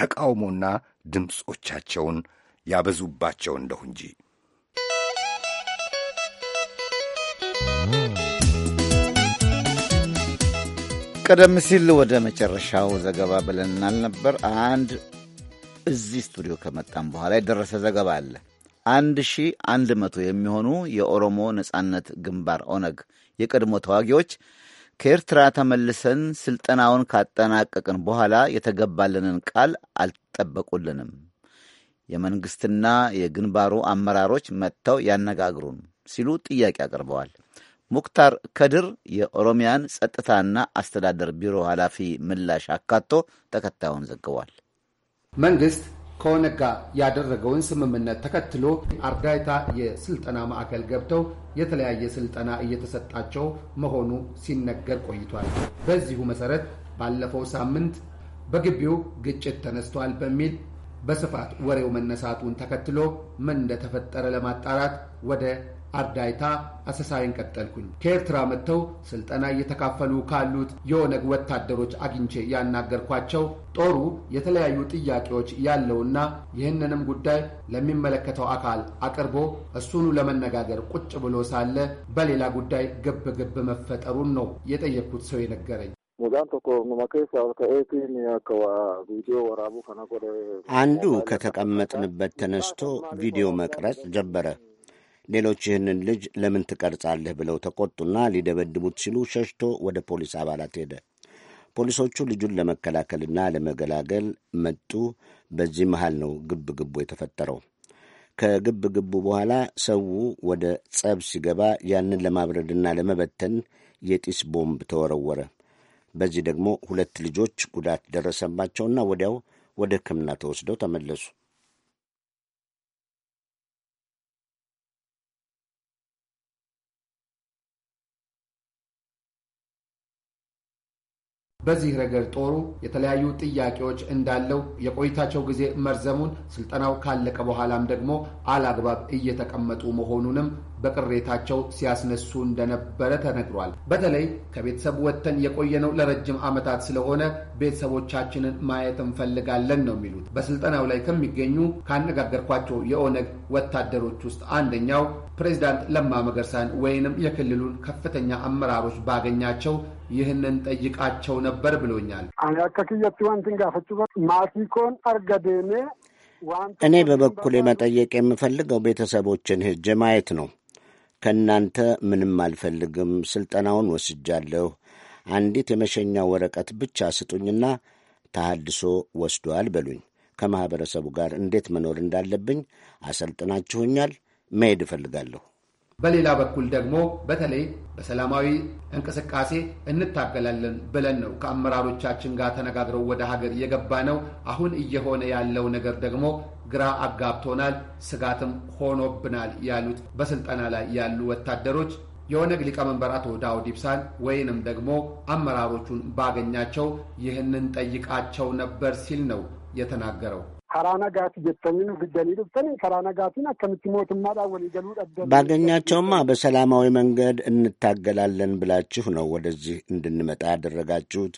ተቃውሞና ድምፆቻቸውን ያበዙባቸው እንደሁ እንጂ ቀደም ሲል ወደ መጨረሻው ዘገባ ብለናል ነበር። አንድ እዚህ ስቱዲዮ ከመጣም በኋላ የደረሰ ዘገባ አለ። አንድ ሺ አንድ መቶ የሚሆኑ የኦሮሞ ነጻነት ግንባር ኦነግ የቀድሞ ተዋጊዎች ከኤርትራ ተመልሰን ስልጠናውን ካጠናቀቅን በኋላ የተገባልንን ቃል አልጠበቁልንም። የመንግሥትና የግንባሩ አመራሮች መጥተው ያነጋግሩን ሲሉ ጥያቄ አቅርበዋል። ሙክታር ከድር የኦሮሚያን ጸጥታና አስተዳደር ቢሮ ኃላፊ ምላሽ አካቶ ተከታዩን ዘግቧል። መንግስት ከኦነግ ጋር ያደረገውን ስምምነት ተከትሎ አርዳይታ የስልጠና ማዕከል ገብተው የተለያየ ስልጠና እየተሰጣቸው መሆኑ ሲነገር ቆይቷል። በዚሁ መሰረት ባለፈው ሳምንት በግቢው ግጭት ተነስቷል በሚል በስፋት ወሬው መነሳቱን ተከትሎ ምን እንደተፈጠረ ለማጣራት ወደ አርዳይታ አሰሳይን ቀጠልኩኝ። ከኤርትራ መጥተው ስልጠና እየተካፈሉ ካሉት የኦነግ ወታደሮች አግኝቼ ያናገርኳቸው ጦሩ የተለያዩ ጥያቄዎች ያለውና ይህንንም ጉዳይ ለሚመለከተው አካል አቅርቦ እሱኑ ለመነጋገር ቁጭ ብሎ ሳለ በሌላ ጉዳይ ግብ ግብ መፈጠሩን ነው የጠየቅኩት ሰው የነገረኝ። አንዱ ከተቀመጥንበት ተነስቶ ቪዲዮ መቅረጽ ጀመረ። ሌሎች ይህንን ልጅ ለምን ትቀርጻለህ ብለው ተቆጡና ሊደበድቡት ሲሉ ሸሽቶ ወደ ፖሊስ አባላት ሄደ። ፖሊሶቹ ልጁን ለመከላከልና ለመገላገል መጡ። በዚህ መሃል ነው ግብ ግቡ የተፈጠረው። ከግብ ግቡ በኋላ ሰው ወደ ጸብ ሲገባ ያንን ለማብረድና ለመበተን የጢስ ቦምብ ተወረወረ። በዚህ ደግሞ ሁለት ልጆች ጉዳት ደረሰባቸውና ወዲያው ወደ ሕክምና ተወስደው ተመለሱ። በዚህ ረገድ ጦሩ የተለያዩ ጥያቄዎች እንዳለው የቆይታቸው ጊዜ መርዘሙን፣ ስልጠናው ካለቀ በኋላም ደግሞ አላግባብ እየተቀመጡ መሆኑንም በቅሬታቸው ሲያስነሱ እንደነበረ ተነግሯል። በተለይ ከቤተሰብ ወጥተን የቆየነው ለረጅም ዓመታት ስለሆነ ቤተሰቦቻችንን ማየት እንፈልጋለን ነው የሚሉት። በስልጠናው ላይ ከሚገኙ ካነጋገርኳቸው የኦነግ ወታደሮች ውስጥ አንደኛው ፕሬዚዳንት ለማ መገርሳን ወይንም የክልሉን ከፍተኛ አመራሮች ባገኛቸው ይህንን ጠይቃቸው ነበር ብሎኛል። እኔ በበኩሌ መጠየቅ የምፈልገው ቤተሰቦችን ሄጄ ማየት ነው። ከእናንተ ምንም አልፈልግም። ስልጠናውን ወስጃለሁ። አንዲት የመሸኛ ወረቀት ብቻ ስጡኝና ተሃድሶ ወስዷል በሉኝ። ከማኅበረሰቡ ጋር እንዴት መኖር እንዳለብኝ አሰልጥናችሁኛል። መሄድ እፈልጋለሁ። በሌላ በኩል ደግሞ በተለይ በሰላማዊ እንቅስቃሴ እንታገላለን ብለን ነው ከአመራሮቻችን ጋር ተነጋግረው ወደ ሀገር እየገባ ነው። አሁን እየሆነ ያለው ነገር ደግሞ ግራ አጋብቶናል፣ ስጋትም ሆኖብናል ያሉት በስልጠና ላይ ያሉ ወታደሮች የኦነግ ሊቀመንበር አቶ ዳውድ ኢብሳን ወይንም ደግሞ አመራሮቹን ባገኛቸው ይህንን ጠይቃቸው ነበር ሲል ነው የተናገረው። ከራነጋት ጀተኝን ግደኒ ዱፍተን ከራነጋትን አከምትሞትማ ገሉ ይገሉ ባገኛቸውማ በሰላማዊ መንገድ እንታገላለን ብላችሁ ነው ወደዚህ እንድንመጣ ያደረጋችሁት።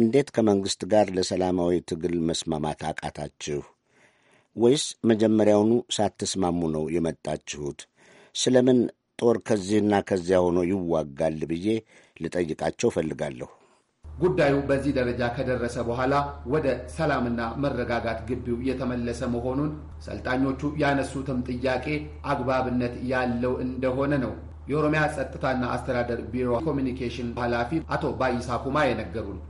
እንዴት ከመንግሥት ጋር ለሰላማዊ ትግል መስማማት አቃታችሁ? ወይስ መጀመሪያውኑ ሳትስማሙ ነው የመጣችሁት? ስለምን ጦር ከዚህና ከዚያ ሆኖ ይዋጋል ብዬ ልጠይቃቸው እፈልጋለሁ። ጉዳዩ በዚህ ደረጃ ከደረሰ በኋላ ወደ ሰላምና መረጋጋት ግቢው የተመለሰ መሆኑን ሰልጣኞቹ ያነሱትም ጥያቄ አግባብነት ያለው እንደሆነ ነው የኦሮሚያ ጸጥታና አስተዳደር ቢሮ ኮሚኒኬሽን ኃላፊ አቶ ባይሳ ኩማ የነገሩን።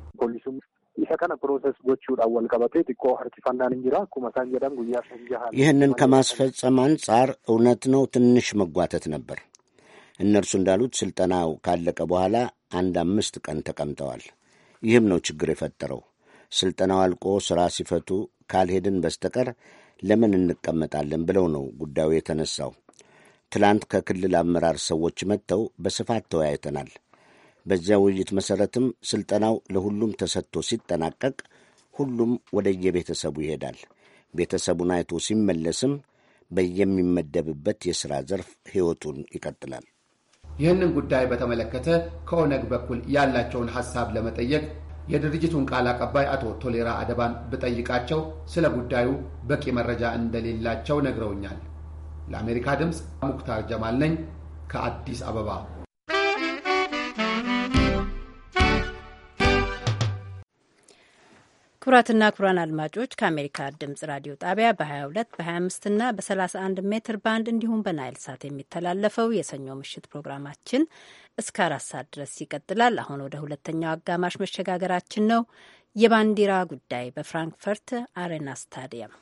ይህንን ከማስፈጸም አንጻር እውነት ነው ትንሽ መጓተት ነበር። እነርሱ እንዳሉት ስልጠናው ካለቀ በኋላ አንድ አምስት ቀን ተቀምጠዋል። ይህም ነው ችግር የፈጠረው። ስልጠናው አልቆ ሥራ ሲፈቱ ካልሄድን በስተቀር ለምን እንቀመጣለን ብለው ነው ጉዳዩ የተነሳው። ትላንት ከክልል አመራር ሰዎች መጥተው በስፋት ተወያይተናል። በዚያ ውይይት መሠረትም ስልጠናው ለሁሉም ተሰጥቶ ሲጠናቀቅ ሁሉም ወደየቤተሰቡ ይሄዳል። ቤተሰቡን አይቶ ሲመለስም በየሚመደብበት የሥራ ዘርፍ ሕይወቱን ይቀጥላል። ይህንን ጉዳይ በተመለከተ ከኦነግ በኩል ያላቸውን ሀሳብ ለመጠየቅ የድርጅቱን ቃል አቀባይ አቶ ቶሌራ አደባን ብጠይቃቸው ስለ ጉዳዩ በቂ መረጃ እንደሌላቸው ነግረውኛል። ለአሜሪካ ድምፅ ሙክታር ጀማል ነኝ ከአዲስ አበባ። ክቡራትና ክቡራን አድማጮች ከአሜሪካ ድምጽ ራዲዮ ጣቢያ በ22 በ25 እና በ31 ሜትር ባንድ እንዲሁም በናይል ሳት የሚተላለፈው የሰኞ ምሽት ፕሮግራማችን እስከ አራት ሰዓት ድረስ ይቀጥላል። አሁን ወደ ሁለተኛው አጋማሽ መሸጋገራችን ነው። የባንዲራ ጉዳይ በፍራንክፈርት አሬና ስታዲየም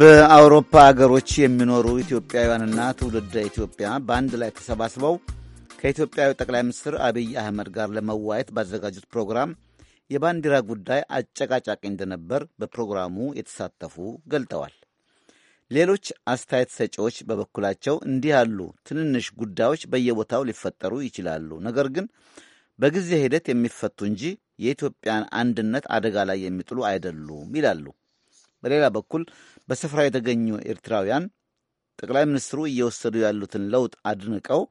በአውሮፓ አገሮች የሚኖሩ ኢትዮጵያውያንና ትውልደ ኢትዮጵያ በአንድ ላይ ተሰባስበው ከኢትዮጵያዊ ጠቅላይ ሚኒስትር አብይ አህመድ ጋር ለመዋየት ባዘጋጁት ፕሮግራም የባንዲራ ጉዳይ አጨቃጫቂ እንደነበር በፕሮግራሙ የተሳተፉ ገልጠዋል። ሌሎች አስተያየት ሰጪዎች በበኩላቸው እንዲህ ያሉ ትንንሽ ጉዳዮች በየቦታው ሊፈጠሩ ይችላሉ፣ ነገር ግን በጊዜ ሂደት የሚፈቱ እንጂ የኢትዮጵያን አንድነት አደጋ ላይ የሚጥሉ አይደሉም ይላሉ። በሌላ በኩል በስፍራው የተገኙ ኤርትራውያን ጠቅላይ ሚኒስትሩ እየወሰዱ ያሉትን ለውጥ አድንቀው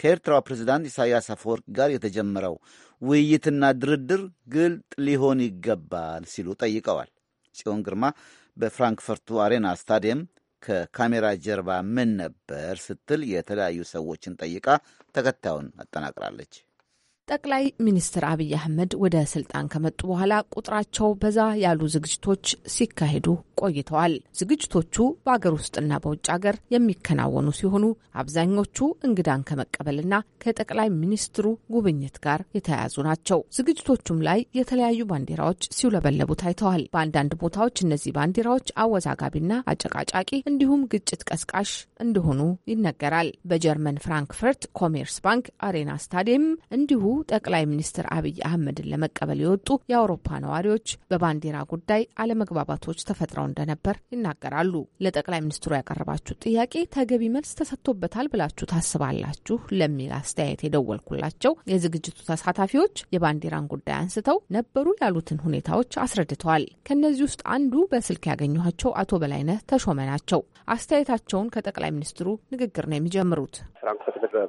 ከኤርትራው ፕሬዚዳንት ኢሳያስ አፈወርቅ ጋር የተጀመረው ውይይትና ድርድር ግልጥ ሊሆን ይገባል ሲሉ ጠይቀዋል። ጽዮን ግርማ በፍራንክፈርቱ አሬና ስታዲየም ከካሜራ ጀርባ ምን ነበር ስትል የተለያዩ ሰዎችን ጠይቃ ተከታዩን አጠናቅራለች። ጠቅላይ ሚኒስትር አብይ አህመድ ወደ ስልጣን ከመጡ በኋላ ቁጥራቸው በዛ ያሉ ዝግጅቶች ሲካሄዱ ቆይተዋል። ዝግጅቶቹ በአገር ውስጥና በውጭ አገር የሚከናወኑ ሲሆኑ አብዛኞቹ እንግዳን ከመቀበልና ከጠቅላይ ሚኒስትሩ ጉብኝት ጋር የተያያዙ ናቸው። ዝግጅቶቹም ላይ የተለያዩ ባንዲራዎች ሲውለበለቡ ታይተዋል። በአንዳንድ ቦታዎች እነዚህ ባንዲራዎች አወዛጋቢና አጨቃጫቂ እንዲሁም ግጭት ቀስቃሽ እንደሆኑ ይነገራል። በጀርመን ፍራንክፈርት ኮሜርስ ባንክ አሬና ስታዲየም እንዲሁ ጠቅላይ ሚኒስትር አብይ አህመድን ለመቀበል የወጡ የአውሮፓ ነዋሪዎች በባንዲራ ጉዳይ አለመግባባቶች ተፈጥረው እንደነበር ይናገራሉ። ለጠቅላይ ሚኒስትሩ ያቀረባችሁ ጥያቄ ተገቢ መልስ ተሰጥቶበታል ብላችሁ ታስባላችሁ ለሚል አስተያየት የደወልኩላቸው የዝግጅቱ ተሳታፊዎች የባንዲራን ጉዳይ አንስተው ነበሩ ያሉትን ሁኔታዎች አስረድተዋል። ከእነዚህ ውስጥ አንዱ በስልክ ያገኘኋቸው አቶ በላይነህ ተሾመ ናቸው። አስተያየታቸውን ከጠቅላይ ሚኒስትሩ ንግግር ነው የሚጀምሩት።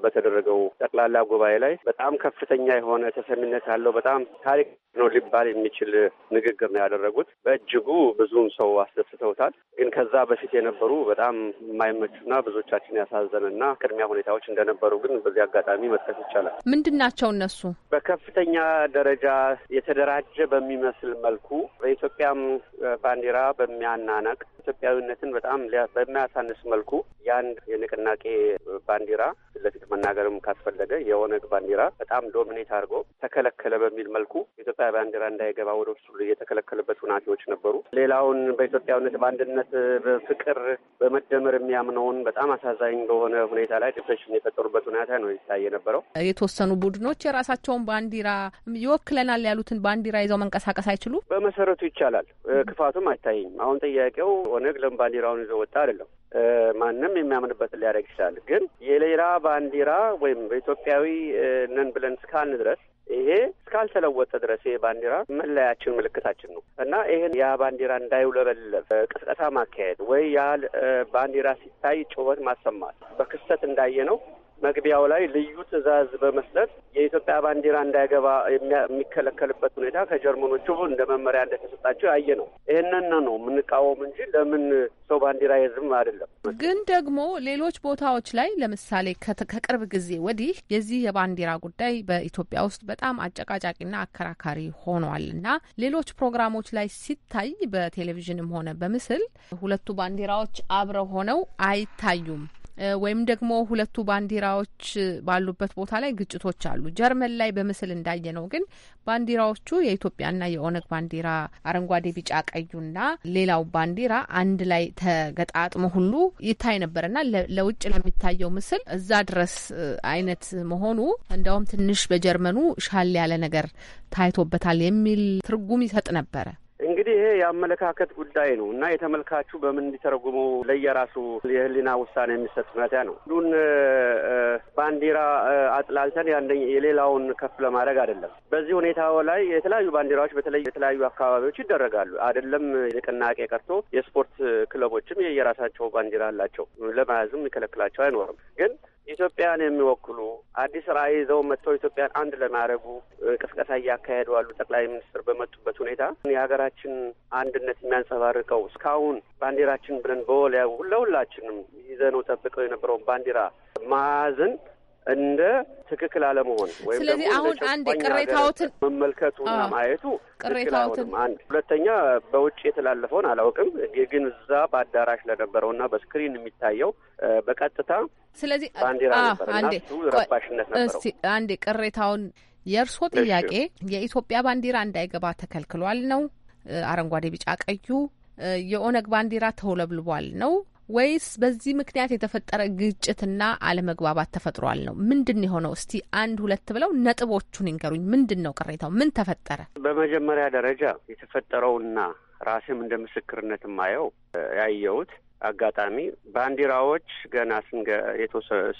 በተደረገው ጠቅላላ ጉባኤ ላይ በጣም ከፍተ ከፍተኛ የሆነ ተሰሚነት ያለው በጣም ታሪክ ነው ሊባል የሚችል ንግግር ነው ያደረጉት። በእጅጉ ብዙም ሰው አስደስተውታል። ግን ከዛ በፊት የነበሩ በጣም የማይመቹና ብዙዎቻችን ያሳዘንና ቅድሚያ ሁኔታዎች እንደነበሩ ግን በዚህ አጋጣሚ መጥቀስ ይቻላል። ምንድን ናቸው እነሱ? በከፍተኛ ደረጃ የተደራጀ በሚመስል መልኩ በኢትዮጵያም ባንዲራ በሚያናነቅ ኢትዮጵያዊነትን በጣም በሚያሳንስ መልኩ የአንድ የንቅናቄ ባንዲራ ፊት ለፊት መናገርም ካስፈለገ የኦነግ ባንዲራ በጣም ዶ ዶሚኔት አድርጎ ተከለከለ በሚል መልኩ የኢትዮጵያ ባንዲራ እንዳይገባ ወደ ውስጥ እየተከለከለበት ሁናቴዎች ነበሩ። ሌላውን በኢትዮጵያዊነት በአንድነት፣ በፍቅር፣ በመደመር የሚያምነውን በጣም አሳዛኝ በሆነ ሁኔታ ላይ ዲፕሬሽን የፈጠሩበት ሁኔታ ነው ይታይ የነበረው። የተወሰኑ ቡድኖች የራሳቸውን ባንዲራ ይወክለናል ያሉትን ባንዲራ ይዘው መንቀሳቀስ አይችሉ። በመሰረቱ ይቻላል፣ ክፋቱም አይታይም። አሁን ጥያቄው ኦነግ ለምን ባንዲራውን ይዞ ወጣ አይደለም። ማንም የሚያምንበትን ሊያደርግ ይችላል። ግን የሌላ ባንዲራ ወይም በኢትዮጵያዊ ነን ብለን እስካልን ድረስ ይሄ እስካልተለወጠ ድረስ ይሄ ባንዲራ መለያችን፣ ምልክታችን ነው እና ይሄን ያ ባንዲራ እንዳይውለበለብ ቅስቀሳ ማካሄድ ወይ ያ ባንዲራ ሲታይ ጩኸት ማሰማት በክስተት እንዳየ ነው መግቢያው ላይ ልዩ ትዕዛዝ በመስጠት የኢትዮጵያ ባንዲራ እንዳይገባ የሚከለከልበት ሁኔታ ከጀርመኖቹ እንደ መመሪያ እንደተሰጣቸው ያየ ነው። ይህንን ነው የምንቃወም እንጂ ለምን ሰው ባንዲራ የዝም አይደለም። ግን ደግሞ ሌሎች ቦታዎች ላይ ለምሳሌ ከቅርብ ጊዜ ወዲህ የዚህ የባንዲራ ጉዳይ በኢትዮጵያ ውስጥ በጣም አጨቃጫቂና አከራካሪ ሆኗል እና ሌሎች ፕሮግራሞች ላይ ሲታይ በቴሌቪዥንም ሆነ በምስል ሁለቱ ባንዲራዎች አብረው ሆነው አይታዩም። ወይም ደግሞ ሁለቱ ባንዲራዎች ባሉበት ቦታ ላይ ግጭቶች አሉ። ጀርመን ላይ በምስል እንዳየ ነው ግን ባንዲራዎቹ የኢትዮጵያና የኦነግ ባንዲራ አረንጓዴ፣ ቢጫ ቀዩና ሌላው ባንዲራ አንድ ላይ ተገጣጥሞ ሁሉ ይታይ ነበርና ለውጭ ለሚታየው ምስል እዛ ድረስ አይነት መሆኑ እንዲያውም ትንሽ በጀርመኑ ሻል ያለ ነገር ታይቶበታል የሚል ትርጉም ይሰጥ ነበረ። እንግዲህ ይሄ የአመለካከት ጉዳይ ነው እና የተመልካቹ በምን እንዲተረጉመው ለየራሱ የህሊና ውሳኔ የሚሰጥ መተ ነው። ሁሉን ባንዲራ አጥላልተን የሌላውን ከፍ ለማድረግ አይደለም። በዚህ ሁኔታ ላይ የተለያዩ ባንዲራዎች በተለይ የተለያዩ አካባቢዎች ይደረጋሉ። አይደለም ንቅናቄ ቀርቶ የስፖርት ክለቦችም የየራሳቸው ባንዲራ አላቸው። ለመያዝም ይከለክላቸው አይኖርም ግን ኢትዮጵያን የሚወክሉ አዲስ ራዕይ ይዘው መጥተው ኢትዮጵያን አንድ ለማድረጉ ቅስቀሳ እያካሄዱ አሉ። ጠቅላይ ሚኒስትር በመጡበት ሁኔታ የሀገራችን አንድነት የሚያንጸባርቀው እስካሁን ባንዲራችን ብለን በወል ለሁላችንም ይዘነው ጠብቀው የነበረውን ባንዲራ ማያዝን እንደ ትክክል አለመሆን ወይም ስለዚህ አሁን አንድ ቅሬታዎትን መመልከቱና ማየቱ ቅሬታዎትን አንድ ሁለተኛ በውጭ የተላለፈውን አላውቅም፣ ግን እዛ በአዳራሽ ለነበረውና በስክሪን የሚታየው በቀጥታ ስለዚህ ባንዲራ ነበር እና እሱ ረባሽነት ነበረው። አንዴ ቅሬታውን የእርስዎ ጥያቄ የኢትዮጵያ ባንዲራ እንዳይገባ ተከልክሏል ነው፣ አረንጓዴ ቢጫ ቀዩ የኦነግ ባንዲራ ተውለብልቧል ነው ወይስ በዚህ ምክንያት የተፈጠረ ግጭትና አለመግባባት ተፈጥሯል ነው? ምንድን የሆነው? እስቲ አንድ ሁለት ብለው ነጥቦቹን ይንገሩኝ። ምንድን ነው ቅሬታው? ምን ተፈጠረ? በመጀመሪያ ደረጃ የተፈጠረውና ራሴም እንደ ምስክርነት የማየው ያየሁት አጋጣሚ ባንዲራዎች ገና ስንገ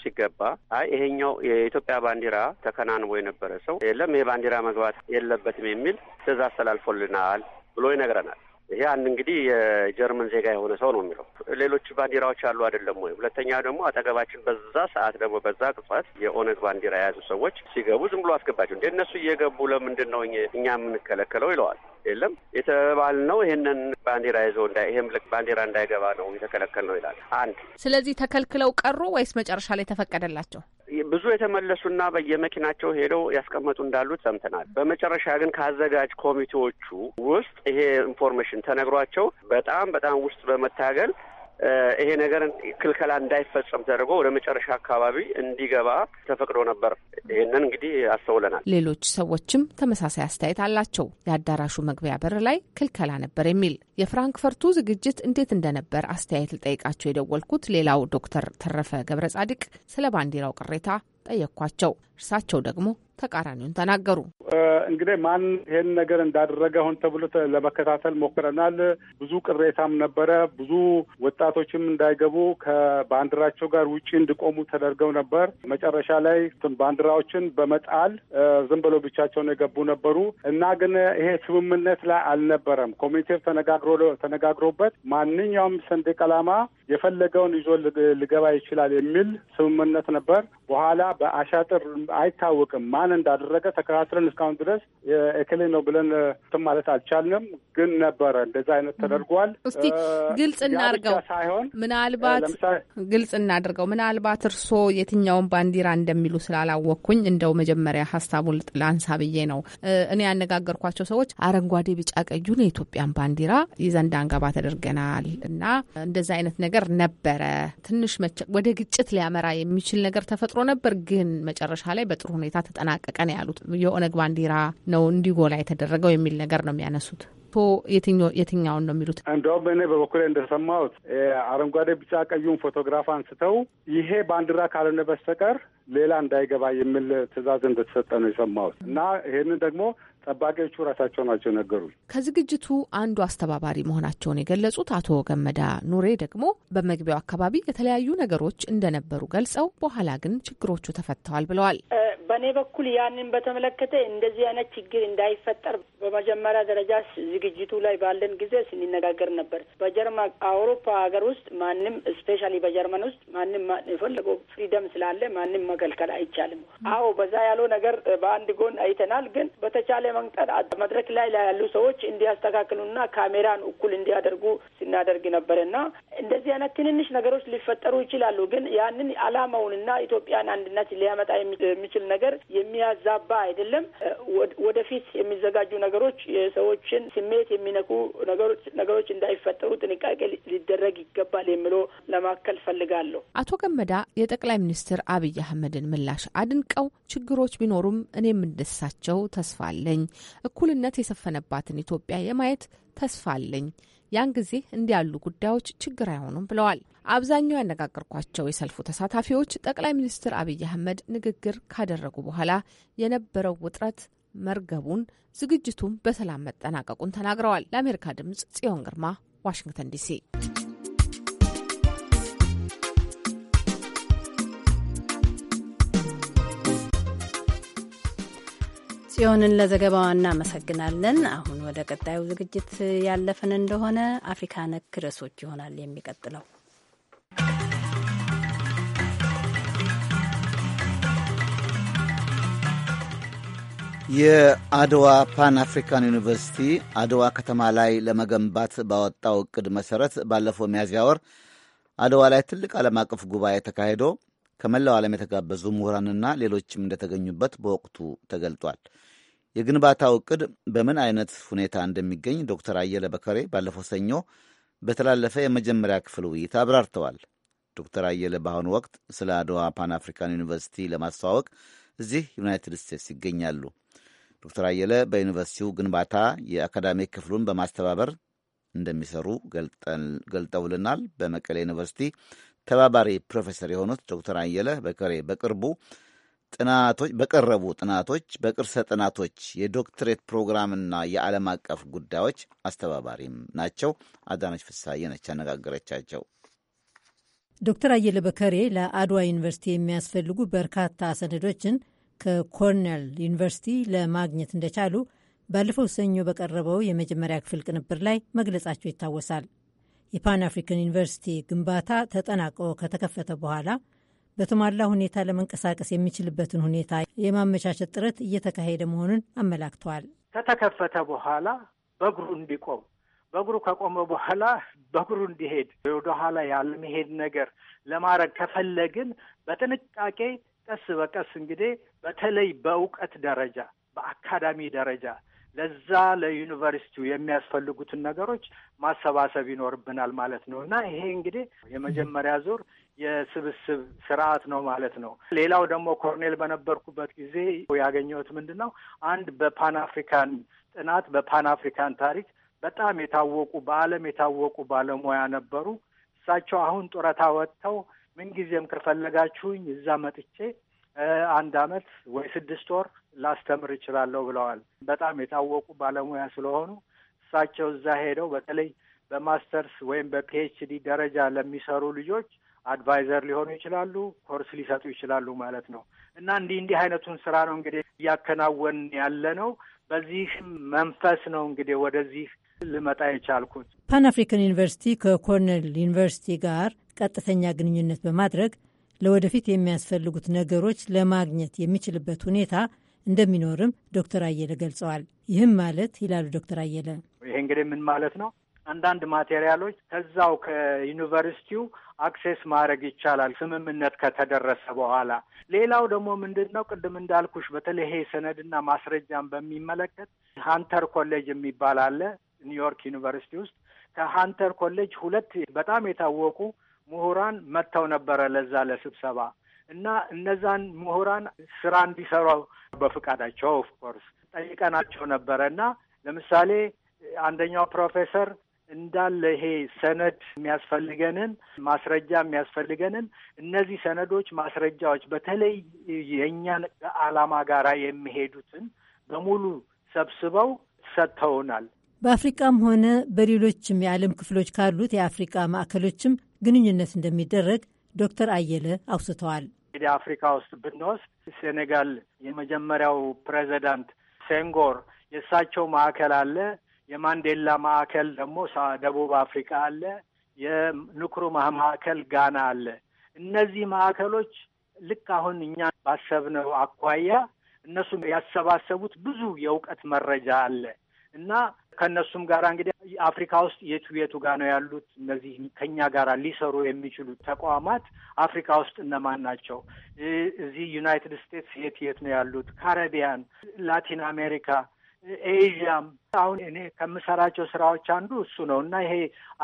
ሲገባ አይ ይሄኛው የኢትዮጵያ ባንዲራ ተከናንቦ የነበረ ሰው የለም፣ ይሄ ባንዲራ መግባት የለበትም የሚል ትዕዛዝ አስተላልፎልናል ብሎ ይነግረናል። ይሄ አንድ እንግዲህ የጀርመን ዜጋ የሆነ ሰው ነው የሚለው። ሌሎች ባንዲራዎች አሉ አይደለም ወይ? ሁለተኛ ደግሞ አጠገባችን በዛ ሰዓት ደግሞ በዛ ቅጽበት የኦነግ ባንዲራ የያዙ ሰዎች ሲገቡ ዝም ብሎ አስገባቸው እንደ እነሱ እየገቡ ለምንድን ነው እኛ የምንከለከለው? ይለዋል። የለም የተባልነው ይህንን ባንዲራ ይዞ ይህም ባንዲራ እንዳይገባ ነው ነው ይላል። አንድ ስለዚህ ተከልክለው ቀሩ ወይስ መጨረሻ ላይ ተፈቀደላቸው? ብዙ የተመለሱና በየመኪናቸው ሄደው ያስቀመጡ እንዳሉት ሰምተናል። በመጨረሻ ግን ከአዘጋጅ ኮሚቴዎቹ ውስጥ ይሄ ኢንፎርሜሽን ተነግሯቸው በጣም በጣም ውስጥ በመታገል ይሄ ነገር ክልከላ እንዳይፈጸም ተደርጎ ወደ መጨረሻ አካባቢ እንዲገባ ተፈቅዶ ነበር። ይህንን እንግዲህ አስተውለናል። ሌሎች ሰዎችም ተመሳሳይ አስተያየት አላቸው። የአዳራሹ መግቢያ በር ላይ ክልከላ ነበር የሚል የፍራንክፈርቱ ዝግጅት እንዴት እንደነበር አስተያየት ልጠይቃቸው የደወልኩት ሌላው ዶክተር ተረፈ ገብረ ጻድቅ ስለ ባንዲራው ቅሬታ ጠየቅኳቸው። እርሳቸው ደግሞ ተቃራኒውን ተናገሩ። እንግዲህ ማን ይሄን ነገር እንዳደረገ ሆን ተብሎ ለመከታተል ሞክረናል። ብዙ ቅሬታም ነበረ። ብዙ ወጣቶችም እንዳይገቡ ከባንዲራቸው ጋር ውጪ እንዲቆሙ ተደርገው ነበር። መጨረሻ ላይ ባንዲራዎችን በመጣል ዝም ብሎ ብቻቸውን የገቡ ነበሩ እና ግን ይሄ ስምምነት ላይ አልነበረም። ኮሚቴው ተነጋግሮበት ማንኛውም ሰንደቅ ዓላማ የፈለገውን ይዞ ሊገባ ይችላል የሚል ስምምነት ነበር። በኋላ በአሻጥር አይታወቅም። ማን እንዳደረገ ተከታትለን እስካሁን ድረስ እክሌ ነው ብለን እንትን ማለት አልቻልንም። ግን ነበረ እንደዛ አይነት ተደርጓል። እስቲ ግልጽ እናድርገው ሳይሆን ምናልባት ግልጽ እናድርገው ምናልባት እርስዎ የትኛውን ባንዲራ እንደሚሉ ስላላወቅኩኝ እንደው መጀመሪያ ሀሳቡን ላንሳ ብዬ ነው። እኔ ያነጋገርኳቸው ሰዎች አረንጓዴ፣ ቢጫ፣ ቀዩን የኢትዮጵያን ባንዲራ ይዘን ዳንገባ ተደርገናል እና እንደዛ አይነት ነገር ነበረ። ትንሽ ወደ ግጭት ሊያመራ የሚችል ነገር ተፈጥሮ ነበር። ግን መጨረሻ ላይ በጥሩ ሁኔታ ተጠናቀቀ ነው ያሉት። የኦነግ ባንዲራ ነው እንዲጎላ የተደረገው የሚል ነገር ነው የሚያነሱት። የትኛውን ነው የሚሉት? እንደውም እኔ በበኩሌ እንደሰማሁት አረንጓዴ፣ ቢጫ ቀዩን ፎቶግራፍ አንስተው ይሄ ባንዲራ ካልሆነ በስተቀር ሌላ እንዳይገባ የሚል ትዕዛዝ እንደተሰጠ ነው የሰማሁት እና ይህንን ደግሞ ጠባቂዎቹ ራሳቸው ናቸው ነገሩ ከዝግጅቱ አንዱ አስተባባሪ መሆናቸውን የገለጹት አቶ ገመዳ ኑሬ ደግሞ በመግቢያው አካባቢ የተለያዩ ነገሮች እንደነበሩ ገልጸው በኋላ ግን ችግሮቹ ተፈተዋል ብለዋል። በእኔ በኩል ያንን በተመለከተ እንደዚህ አይነት ችግር እንዳይፈጠር በመጀመሪያ ደረጃ ዝግጅቱ ላይ ባለን ጊዜ ስንነጋገር ነበር። በጀርማ አውሮፓ ሀገር ውስጥ ማንም ስፔሻሊ በጀርመን ውስጥ ማንም የፈለገው ፍሪደም ስላለ ማንም መከልከል አይቻልም። አዎ በዛ ያለው ነገር በአንድ ጎን አይተናል። ግን በተቻለ ለመቅጠር መድረክ ላይ ያሉ ሰዎች እንዲያስተካክሉና ካሜራን እኩል እንዲያደርጉ ሲናደርግ ነበርና እንደዚህ አይነት ትንንሽ ነገሮች ሊፈጠሩ ይችላሉ። ግን ያንን አላማውንና ኢትዮጵያን አንድነት ሊያመጣ የሚችል ነገር የሚያዛባ አይደለም። ወደፊት የሚዘጋጁ ነገሮች የሰዎችን ስሜት የሚነኩ ነገሮች ነገሮች እንዳይፈጠሩ ጥንቃቄ ሊደረግ ይገባል የሚለው ለማከል ፈልጋለሁ። አቶ ገመዳ የጠቅላይ ሚኒስትር አብይ አህመድን ምላሽ አድንቀው ችግሮች ቢኖሩም እኔም እንደሳቸው ተስፋ አለኝ እኩልነት የሰፈነባትን ኢትዮጵያ የማየት ተስፋ አለኝ። ያን ጊዜ እንዲያሉ ያሉ ጉዳዮች ችግር አይሆኑም ብለዋል። አብዛኛው ያነጋገርኳቸው የሰልፉ ተሳታፊዎች ጠቅላይ ሚኒስትር አብይ አህመድ ንግግር ካደረጉ በኋላ የነበረው ውጥረት መርገቡን፣ ዝግጅቱም በሰላም መጠናቀቁን ተናግረዋል። ለአሜሪካ ድምጽ ጽዮን ግርማ ዋሽንግተን ዲሲ ጽዮንን ለዘገባዋ እናመሰግናለን። አሁን ወደ ቀጣዩ ዝግጅት ያለፍን እንደሆነ አፍሪካ ነክ ርዕሶች ይሆናል የሚቀጥለው። የአድዋ ፓን አፍሪካን ዩኒቨርሲቲ አድዋ ከተማ ላይ ለመገንባት ባወጣው እቅድ መሠረት ባለፈው ሚያዝያ ወር አድዋ ላይ ትልቅ ዓለም አቀፍ ጉባኤ ተካሂዶ ከመላው ዓለም የተጋበዙ ምሁራንና ሌሎችም እንደተገኙበት በወቅቱ ተገልጧል። የግንባታው እቅድ በምን አይነት ሁኔታ እንደሚገኝ ዶክተር አየለ በከሬ ባለፈው ሰኞ በተላለፈ የመጀመሪያ ክፍል ውይይት አብራርተዋል። ዶክተር አየለ በአሁኑ ወቅት ስለ አድዋ ፓን አፍሪካን ዩኒቨርሲቲ ለማስተዋወቅ እዚህ ዩናይትድ ስቴትስ ይገኛሉ። ዶክተር አየለ በዩኒቨርሲቲው ግንባታ የአካዳሚክ ክፍሉን በማስተባበር እንደሚሰሩ ገልጠውልናል። በመቀሌ ዩኒቨርሲቲ ተባባሪ ፕሮፌሰር የሆኑት ዶክተር አየለ በከሬ በቅርቡ ጥናቶች በቀረቡ ጥናቶች በቅርሰ ጥናቶች የዶክትሬት ፕሮግራምና የዓለም አቀፍ ጉዳዮች አስተባባሪም ናቸው። አዳነች ፍሳዬ ነች ያነጋገረቻቸው። ዶክተር አየለ በከሬ ለአድዋ ዩኒቨርሲቲ የሚያስፈልጉ በርካታ ሰነዶችን ከኮርኔል ዩኒቨርሲቲ ለማግኘት እንደቻሉ ባለፈው ሰኞ በቀረበው የመጀመሪያ ክፍል ቅንብር ላይ መግለጻቸው ይታወሳል። የፓን አፍሪካን ዩኒቨርሲቲ ግንባታ ተጠናቆ ከተከፈተ በኋላ በተሟላ ሁኔታ ለመንቀሳቀስ የሚችልበትን ሁኔታ የማመቻቸት ጥረት እየተካሄደ መሆኑን አመላክተዋል። ከተከፈተ በኋላ በእግሩ እንዲቆም በእግሩ ከቆመ በኋላ በእግሩ እንዲሄድ ወደኋላ ያለመሄድ ነገር ለማድረግ ከፈለግን በጥንቃቄ ቀስ በቀስ እንግዲህ በተለይ በእውቀት ደረጃ በአካዳሚ ደረጃ ለዛ ለዩኒቨርሲቲው የሚያስፈልጉትን ነገሮች ማሰባሰብ ይኖርብናል ማለት ነው እና ይሄ እንግዲህ የመጀመሪያ ዙር የስብስብ ስርዓት ነው ማለት ነው። ሌላው ደግሞ ኮርኔል በነበርኩበት ጊዜ ያገኘሁት ምንድን ነው አንድ በፓን አፍሪካን ጥናት በፓን አፍሪካን ታሪክ በጣም የታወቁ በዓለም የታወቁ ባለሙያ ነበሩ። እሳቸው አሁን ጡረታ ወጥተው ምንጊዜም ከፈለጋችሁኝ እዛ መጥቼ አንድ አመት ወይ ስድስት ወር ላስተምር እችላለሁ ብለዋል። በጣም የታወቁ ባለሙያ ስለሆኑ እሳቸው እዛ ሄደው በተለይ በማስተርስ ወይም በፒኤችዲ ደረጃ ለሚሰሩ ልጆች አድቫይዘር ሊሆኑ ይችላሉ፣ ኮርስ ሊሰጡ ይችላሉ ማለት ነው። እና እንዲህ እንዲህ አይነቱን ስራ ነው እንግዲህ እያከናወን ያለ ነው። በዚህ መንፈስ ነው እንግዲህ ወደዚህ ልመጣ የቻልኩት። ፓን አፍሪካን ዩኒቨርሲቲ ከኮርኔል ዩኒቨርሲቲ ጋር ቀጥተኛ ግንኙነት በማድረግ ለወደፊት የሚያስፈልጉት ነገሮች ለማግኘት የሚችልበት ሁኔታ እንደሚኖርም ዶክተር አየለ ገልጸዋል። ይህም ማለት ይላሉ ዶክተር አየለ ይሄ እንግዲህ ምን ማለት ነው? አንዳንድ ማቴሪያሎች ከዛው ከዩኒቨርሲቲው አክሴስ ማድረግ ይቻላል ስምምነት ከተደረሰ በኋላ። ሌላው ደግሞ ምንድን ነው ቅድም እንዳልኩሽ በተለይ ይሄ ሰነድና ማስረጃን በሚመለከት ሃንተር ኮሌጅ የሚባል አለ ኒውዮርክ ዩኒቨርሲቲ ውስጥ። ከሃንተር ኮሌጅ ሁለት በጣም የታወቁ ምሁራን መጥተው ነበረ ለዛ ለስብሰባ እና እነዛን ምሁራን ስራ እንዲሰራው በፍቃዳቸው ኦፍኮርስ ጠይቀናቸው ነበረ እና ለምሳሌ አንደኛው ፕሮፌሰር እንዳለ ይሄ ሰነድ የሚያስፈልገንን ማስረጃ የሚያስፈልገንን እነዚህ ሰነዶች፣ ማስረጃዎች በተለይ የእኛን ዓላማ ጋር የሚሄዱትን በሙሉ ሰብስበው ሰጥተውናል። በአፍሪቃም ሆነ በሌሎችም የዓለም ክፍሎች ካሉት የአፍሪቃ ማዕከሎችም ግንኙነት እንደሚደረግ ዶክተር አየለ አውስተዋል። እንግዲህ አፍሪካ ውስጥ ብንወስድ ሴኔጋል የመጀመሪያው ፕሬዚዳንት ሴንጎር የእሳቸው ማዕከል አለ። የማንዴላ ማዕከል ደግሞ ደቡብ አፍሪካ አለ። የንክሩማህ ማዕከል ጋና አለ። እነዚህ ማዕከሎች ልክ አሁን እኛ ባሰብነው አኳያ እነሱም ያሰባሰቡት ብዙ የእውቀት መረጃ አለ እና ከእነሱም ጋር እንግዲህ አፍሪካ ውስጥ የቱ የቱ ጋር ነው ያሉት እነዚህ ከኛ ጋር ሊሰሩ የሚችሉ ተቋማት አፍሪካ ውስጥ እነማን ናቸው? እዚህ ዩናይትድ ስቴትስ የት የት ነው ያሉት? ካረቢያን፣ ላቲን አሜሪካ ኤዥያም አሁን እኔ ከምሰራቸው ስራዎች አንዱ እሱ ነው እና ይሄ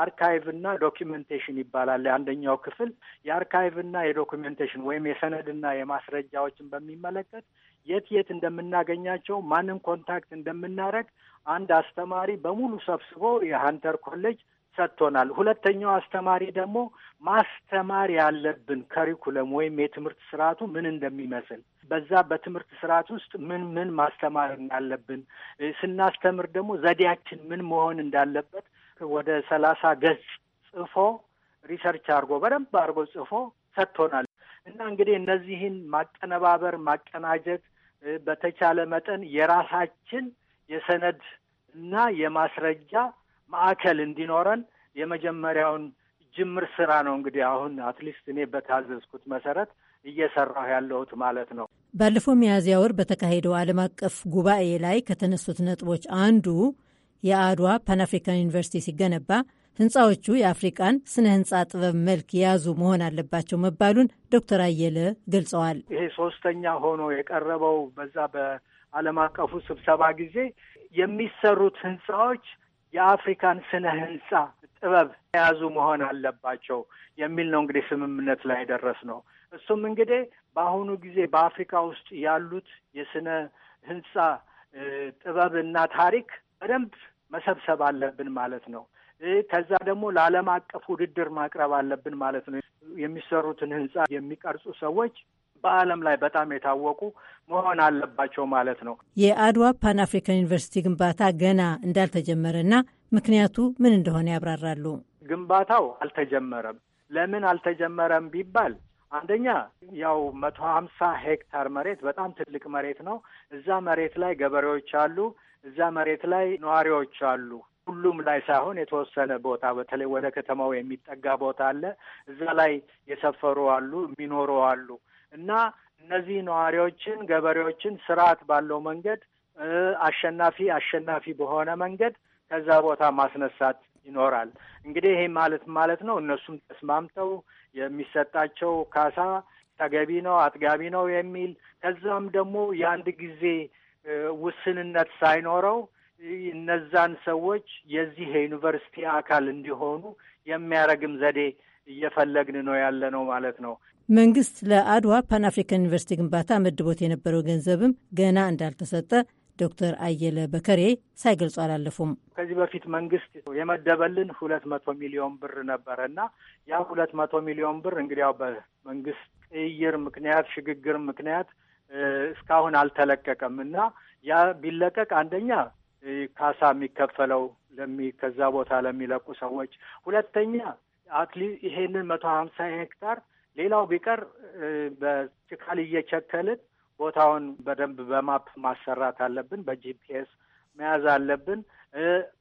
አርካይቭ እና ዶኪመንቴሽን ይባላል። አንደኛው ክፍል የአርካይቭ እና የዶኪመንቴሽን ወይም የሰነድና የማስረጃዎችን በሚመለከት የት የት እንደምናገኛቸው፣ ማንን ኮንታክት እንደምናደርግ አንድ አስተማሪ በሙሉ ሰብስቦ የሀንተር ኮሌጅ ሰጥቶናል። ሁለተኛው አስተማሪ ደግሞ ማስተማር ያለብን ከሪኩለም ወይም የትምህርት ስርዓቱ ምን እንደሚመስል በዛ በትምህርት ስርዓት ውስጥ ምን ምን ማስተማር እንዳለብን ስናስተምር ደግሞ ዘዴያችን ምን መሆን እንዳለበት ወደ ሰላሳ ገጽ ጽፎ ሪሰርች አድርጎ በደንብ አድርጎ ጽፎ ሰጥቶናል። እና እንግዲህ እነዚህን ማቀነባበር፣ ማቀናጀት በተቻለ መጠን የራሳችን የሰነድ እና የማስረጃ ማዕከል እንዲኖረን የመጀመሪያውን ጅምር ስራ ነው እንግዲህ አሁን አትሊስት እኔ በታዘዝኩት መሰረት እየሰራሁ ያለሁት ማለት ነው። ባለፈው ሚያዝያ ወር በተካሄደው ዓለም አቀፍ ጉባኤ ላይ ከተነሱት ነጥቦች አንዱ የአድዋ ፓንአፍሪካን ዩኒቨርሲቲ ሲገነባ ህንፃዎቹ የአፍሪቃን ስነ ህንፃ ጥበብ መልክ የያዙ መሆን አለባቸው መባሉን ዶክተር አየለ ገልጸዋል። ይሄ ሶስተኛ ሆኖ የቀረበው በዛ በዓለም አቀፉ ስብሰባ ጊዜ የሚሰሩት ህንፃዎች የአፍሪካን ስነ ህንፃ ጥበብ የያዙ መሆን አለባቸው የሚል ነው እንግዲህ ስምምነት ላይ ደረስ ነው። እሱም እንግዲህ በአሁኑ ጊዜ በአፍሪካ ውስጥ ያሉት የስነ ህንፃ ጥበብ እና ታሪክ በደንብ መሰብሰብ አለብን ማለት ነው። ከዛ ደግሞ ለዓለም አቀፍ ውድድር ማቅረብ አለብን ማለት ነው። የሚሰሩትን ህንፃ የሚቀርጹ ሰዎች በዓለም ላይ በጣም የታወቁ መሆን አለባቸው ማለት ነው። የአድዋ ፓን አፍሪካን ዩኒቨርሲቲ ግንባታ ገና እንዳልተጀመረና ምክንያቱ ምን እንደሆነ ያብራራሉ። ግንባታው አልተጀመረም። ለምን አልተጀመረም ቢባል አንደኛ ያው መቶ ሀምሳ ሄክታር መሬት በጣም ትልቅ መሬት ነው። እዛ መሬት ላይ ገበሬዎች አሉ። እዛ መሬት ላይ ነዋሪዎች አሉ። ሁሉም ላይ ሳይሆን የተወሰነ ቦታ በተለይ ወደ ከተማው የሚጠጋ ቦታ አለ። እዛ ላይ የሰፈሩ አሉ፣ የሚኖሩ አሉ። እና እነዚህ ነዋሪዎችን፣ ገበሬዎችን ስርዓት ባለው መንገድ አሸናፊ አሸናፊ በሆነ መንገድ ከዛ ቦታ ማስነሳት ይኖራል። እንግዲህ ይሄ ማለት ማለት ነው እነሱም ተስማምተው የሚሰጣቸው ካሳ ተገቢ ነው፣ አጥጋቢ ነው የሚል ከዛም ደግሞ የአንድ ጊዜ ውስንነት ሳይኖረው እነዛን ሰዎች የዚህ የዩኒቨርሲቲ አካል እንዲሆኑ የሚያረግም ዘዴ እየፈለግን ነው ያለ ነው ማለት ነው። መንግስት ለአድዋ ፓን አፍሪካን ዩኒቨርሲቲ ግንባታ መድቦት የነበረው ገንዘብም ገና እንዳልተሰጠ ዶክተር አየለ በከሬ ሳይገልጹ አላለፉም። ከዚህ በፊት መንግስት የመደበልን ሁለት መቶ ሚሊዮን ብር ነበረ እና ያ ሁለት መቶ ሚሊዮን ብር ያው በመንግስት ቅይር ምክንያት ሽግግር ምክንያት እስካሁን አልተለቀቀም እና ያ ቢለቀቅ አንደኛ ካሳ የሚከፈለው ለሚ ከዛ ቦታ ለሚለቁ ሰዎች፣ ሁለተኛ አትሊ ይሄንን መቶ ሀምሳ ሄክታር ሌላው ቢቀር በጭካል እየቸከልን ቦታውን በደንብ በማፕ ማሰራት አለብን። በጂፒኤስ መያዝ አለብን።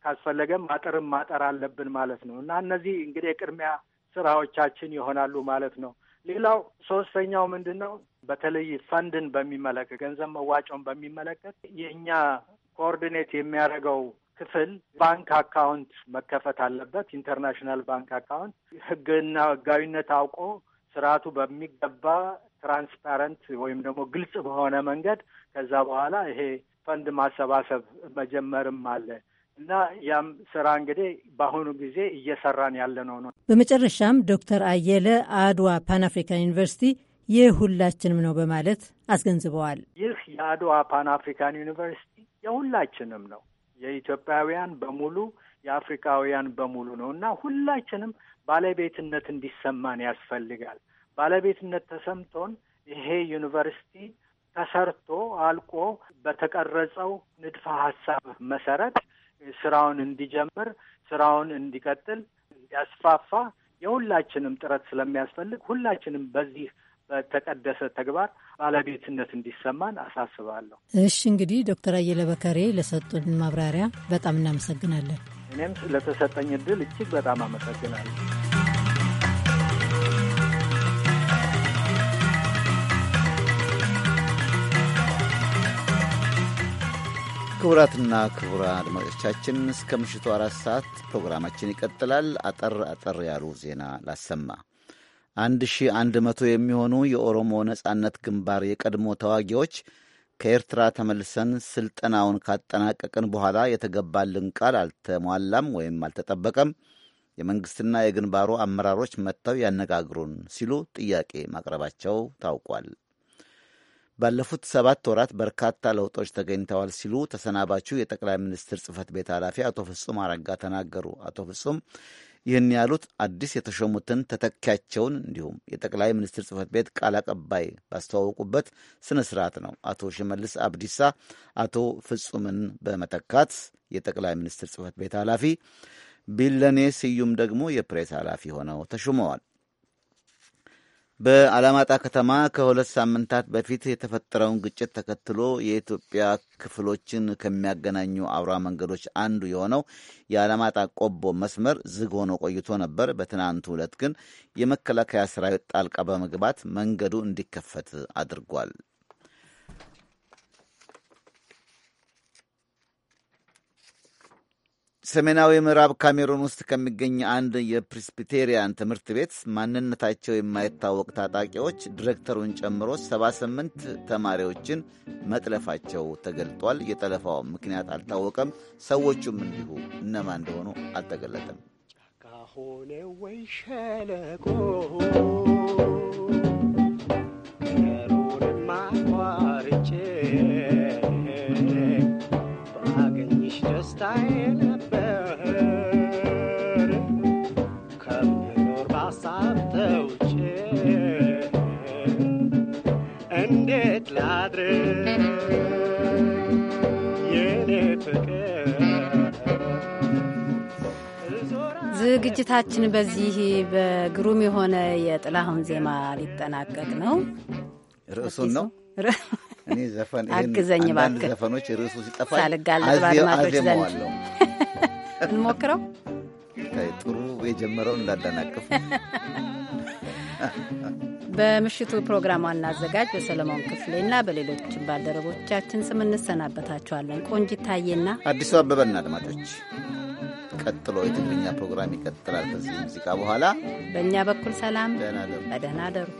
ካስፈለገም ማጠርም ማጠር አለብን ማለት ነው እና እነዚህ እንግዲህ የቅድሚያ ስራዎቻችን ይሆናሉ ማለት ነው። ሌላው ሶስተኛው ምንድን ነው? በተለይ ፈንድን በሚመለከት ገንዘብ መዋጮን በሚመለከት የእኛ ኮኦርዲኔት የሚያደርገው ክፍል ባንክ አካውንት መከፈት አለበት። ኢንተርናሽናል ባንክ አካውንት ህግና ህጋዊነት አውቆ ስርዓቱ በሚገባ ትራንስፓረንት ወይም ደግሞ ግልጽ በሆነ መንገድ ከዛ በኋላ ይሄ ፈንድ ማሰባሰብ መጀመርም አለ እና ያም ስራ እንግዲህ በአሁኑ ጊዜ እየሰራን ያለ ነው ነው። በመጨረሻም ዶክተር አየለ አድዋ ፓን አፍሪካን ዩኒቨርሲቲ ሁላችንም ነው በማለት አስገንዝበዋል። ይህ የአድዋ ፓን አፍሪካን ዩኒቨርሲቲ የሁላችንም ነው፣ የኢትዮጵያውያን በሙሉ የአፍሪካውያን በሙሉ ነው እና ሁላችንም ባለቤትነት እንዲሰማን ያስፈልጋል። ባለቤትነት ተሰምቶን ይሄ ዩኒቨርሲቲ ተሰርቶ አልቆ በተቀረጸው ንድፈ ሀሳብ መሰረት ስራውን እንዲጀምር፣ ስራውን እንዲቀጥል፣ እንዲያስፋፋ የሁላችንም ጥረት ስለሚያስፈልግ ሁላችንም በዚህ በተቀደሰ ተግባር ባለቤትነት እንዲሰማን አሳስባለሁ። እሺ እንግዲህ ዶክተር አየለ በከሬ ለሰጡን ማብራሪያ በጣም እናመሰግናለን። እኔም ለተሰጠኝ እድል እጅግ በጣም አመሰግናለሁ። ክቡራትና ክቡራ አድማጮቻችን እስከ ምሽቱ አራት ሰዓት ፕሮግራማችን ይቀጥላል። አጠር አጠር ያሉ ዜና ላሰማ። 1100 የሚሆኑ የኦሮሞ ነጻነት ግንባር የቀድሞ ተዋጊዎች ከኤርትራ ተመልሰን ስልጠናውን ካጠናቀቅን በኋላ የተገባልን ቃል አልተሟላም ወይም አልተጠበቀም፣ የመንግሥትና የግንባሩ አመራሮች መጥተው ያነጋግሩን ሲሉ ጥያቄ ማቅረባቸው ታውቋል። ባለፉት ሰባት ወራት በርካታ ለውጦች ተገኝተዋል ሲሉ ተሰናባቹ የጠቅላይ ሚኒስትር ጽህፈት ቤት ኃላፊ አቶ ፍጹም አረጋ ተናገሩ። አቶ ፍጹም ይህን ያሉት አዲስ የተሾሙትን ተተኪያቸውን እንዲሁም የጠቅላይ ሚኒስትር ጽህፈት ቤት ቃል አቀባይ ባስተዋወቁበት ስነ ስርዓት ነው። አቶ ሽመልስ አብዲሳ አቶ ፍጹምን በመተካት የጠቅላይ ሚኒስትር ጽህፈት ቤት ኃላፊ፣ ቢለኔ ስዩም ደግሞ የፕሬስ ኃላፊ ሆነው ተሹመዋል። በአላማጣ ከተማ ከሁለት ሳምንታት በፊት የተፈጠረውን ግጭት ተከትሎ የኢትዮጵያ ክፍሎችን ከሚያገናኙ አውራ መንገዶች አንዱ የሆነው የአላማጣ ቆቦ መስመር ዝግ ሆኖ ቆይቶ ነበር። በትናንቱ ዕለት ግን የመከላከያ ሰራዊት ጣልቃ በመግባት መንገዱ እንዲከፈት አድርጓል። ሰሜናዊ ምዕራብ ካሜሩን ውስጥ ከሚገኝ አንድ የፕሬስቢቴሪያን ትምህርት ቤት ማንነታቸው የማይታወቅ ታጣቂዎች ዲሬክተሩን ጨምሮ 78 ተማሪዎችን መጥለፋቸው ተገልጧል። የጠለፋው ምክንያት አልታወቀም። ሰዎቹም እንዲሁ እነማ እንደሆኑ አልተገለጠም። ሆነ ወይ ሸለቆ I ዝግጅታችን በዚህ በግሩም የሆነ የጥላሁን ዜማ ሊጠናቀቅ ነው። ርዕሱን ነው እኔ ዘፈን አግዘኝ እባክህ ዘፈኖች ርዕሱ ሲጠፋ ሳልጋለጥ በአድማጮች ዘንድ እንሞክረው። ጥሩ የጀመረውን እንዳዳናቅፍ በምሽቱ ፕሮግራም ዋና አዘጋጅ በሰለሞን ክፍሌና በሌሎችን ባልደረቦቻችን ስም እንሰናበታችኋለን። ቆንጂት ታዬና አዲሱ አበበና አድማጮች ቀጥሎ የትግርኛ ፕሮግራም ይቀጥላል። በዚህ ሙዚቃ በኋላ በእኛ በኩል ሰላም፣ በደህና ደሩ።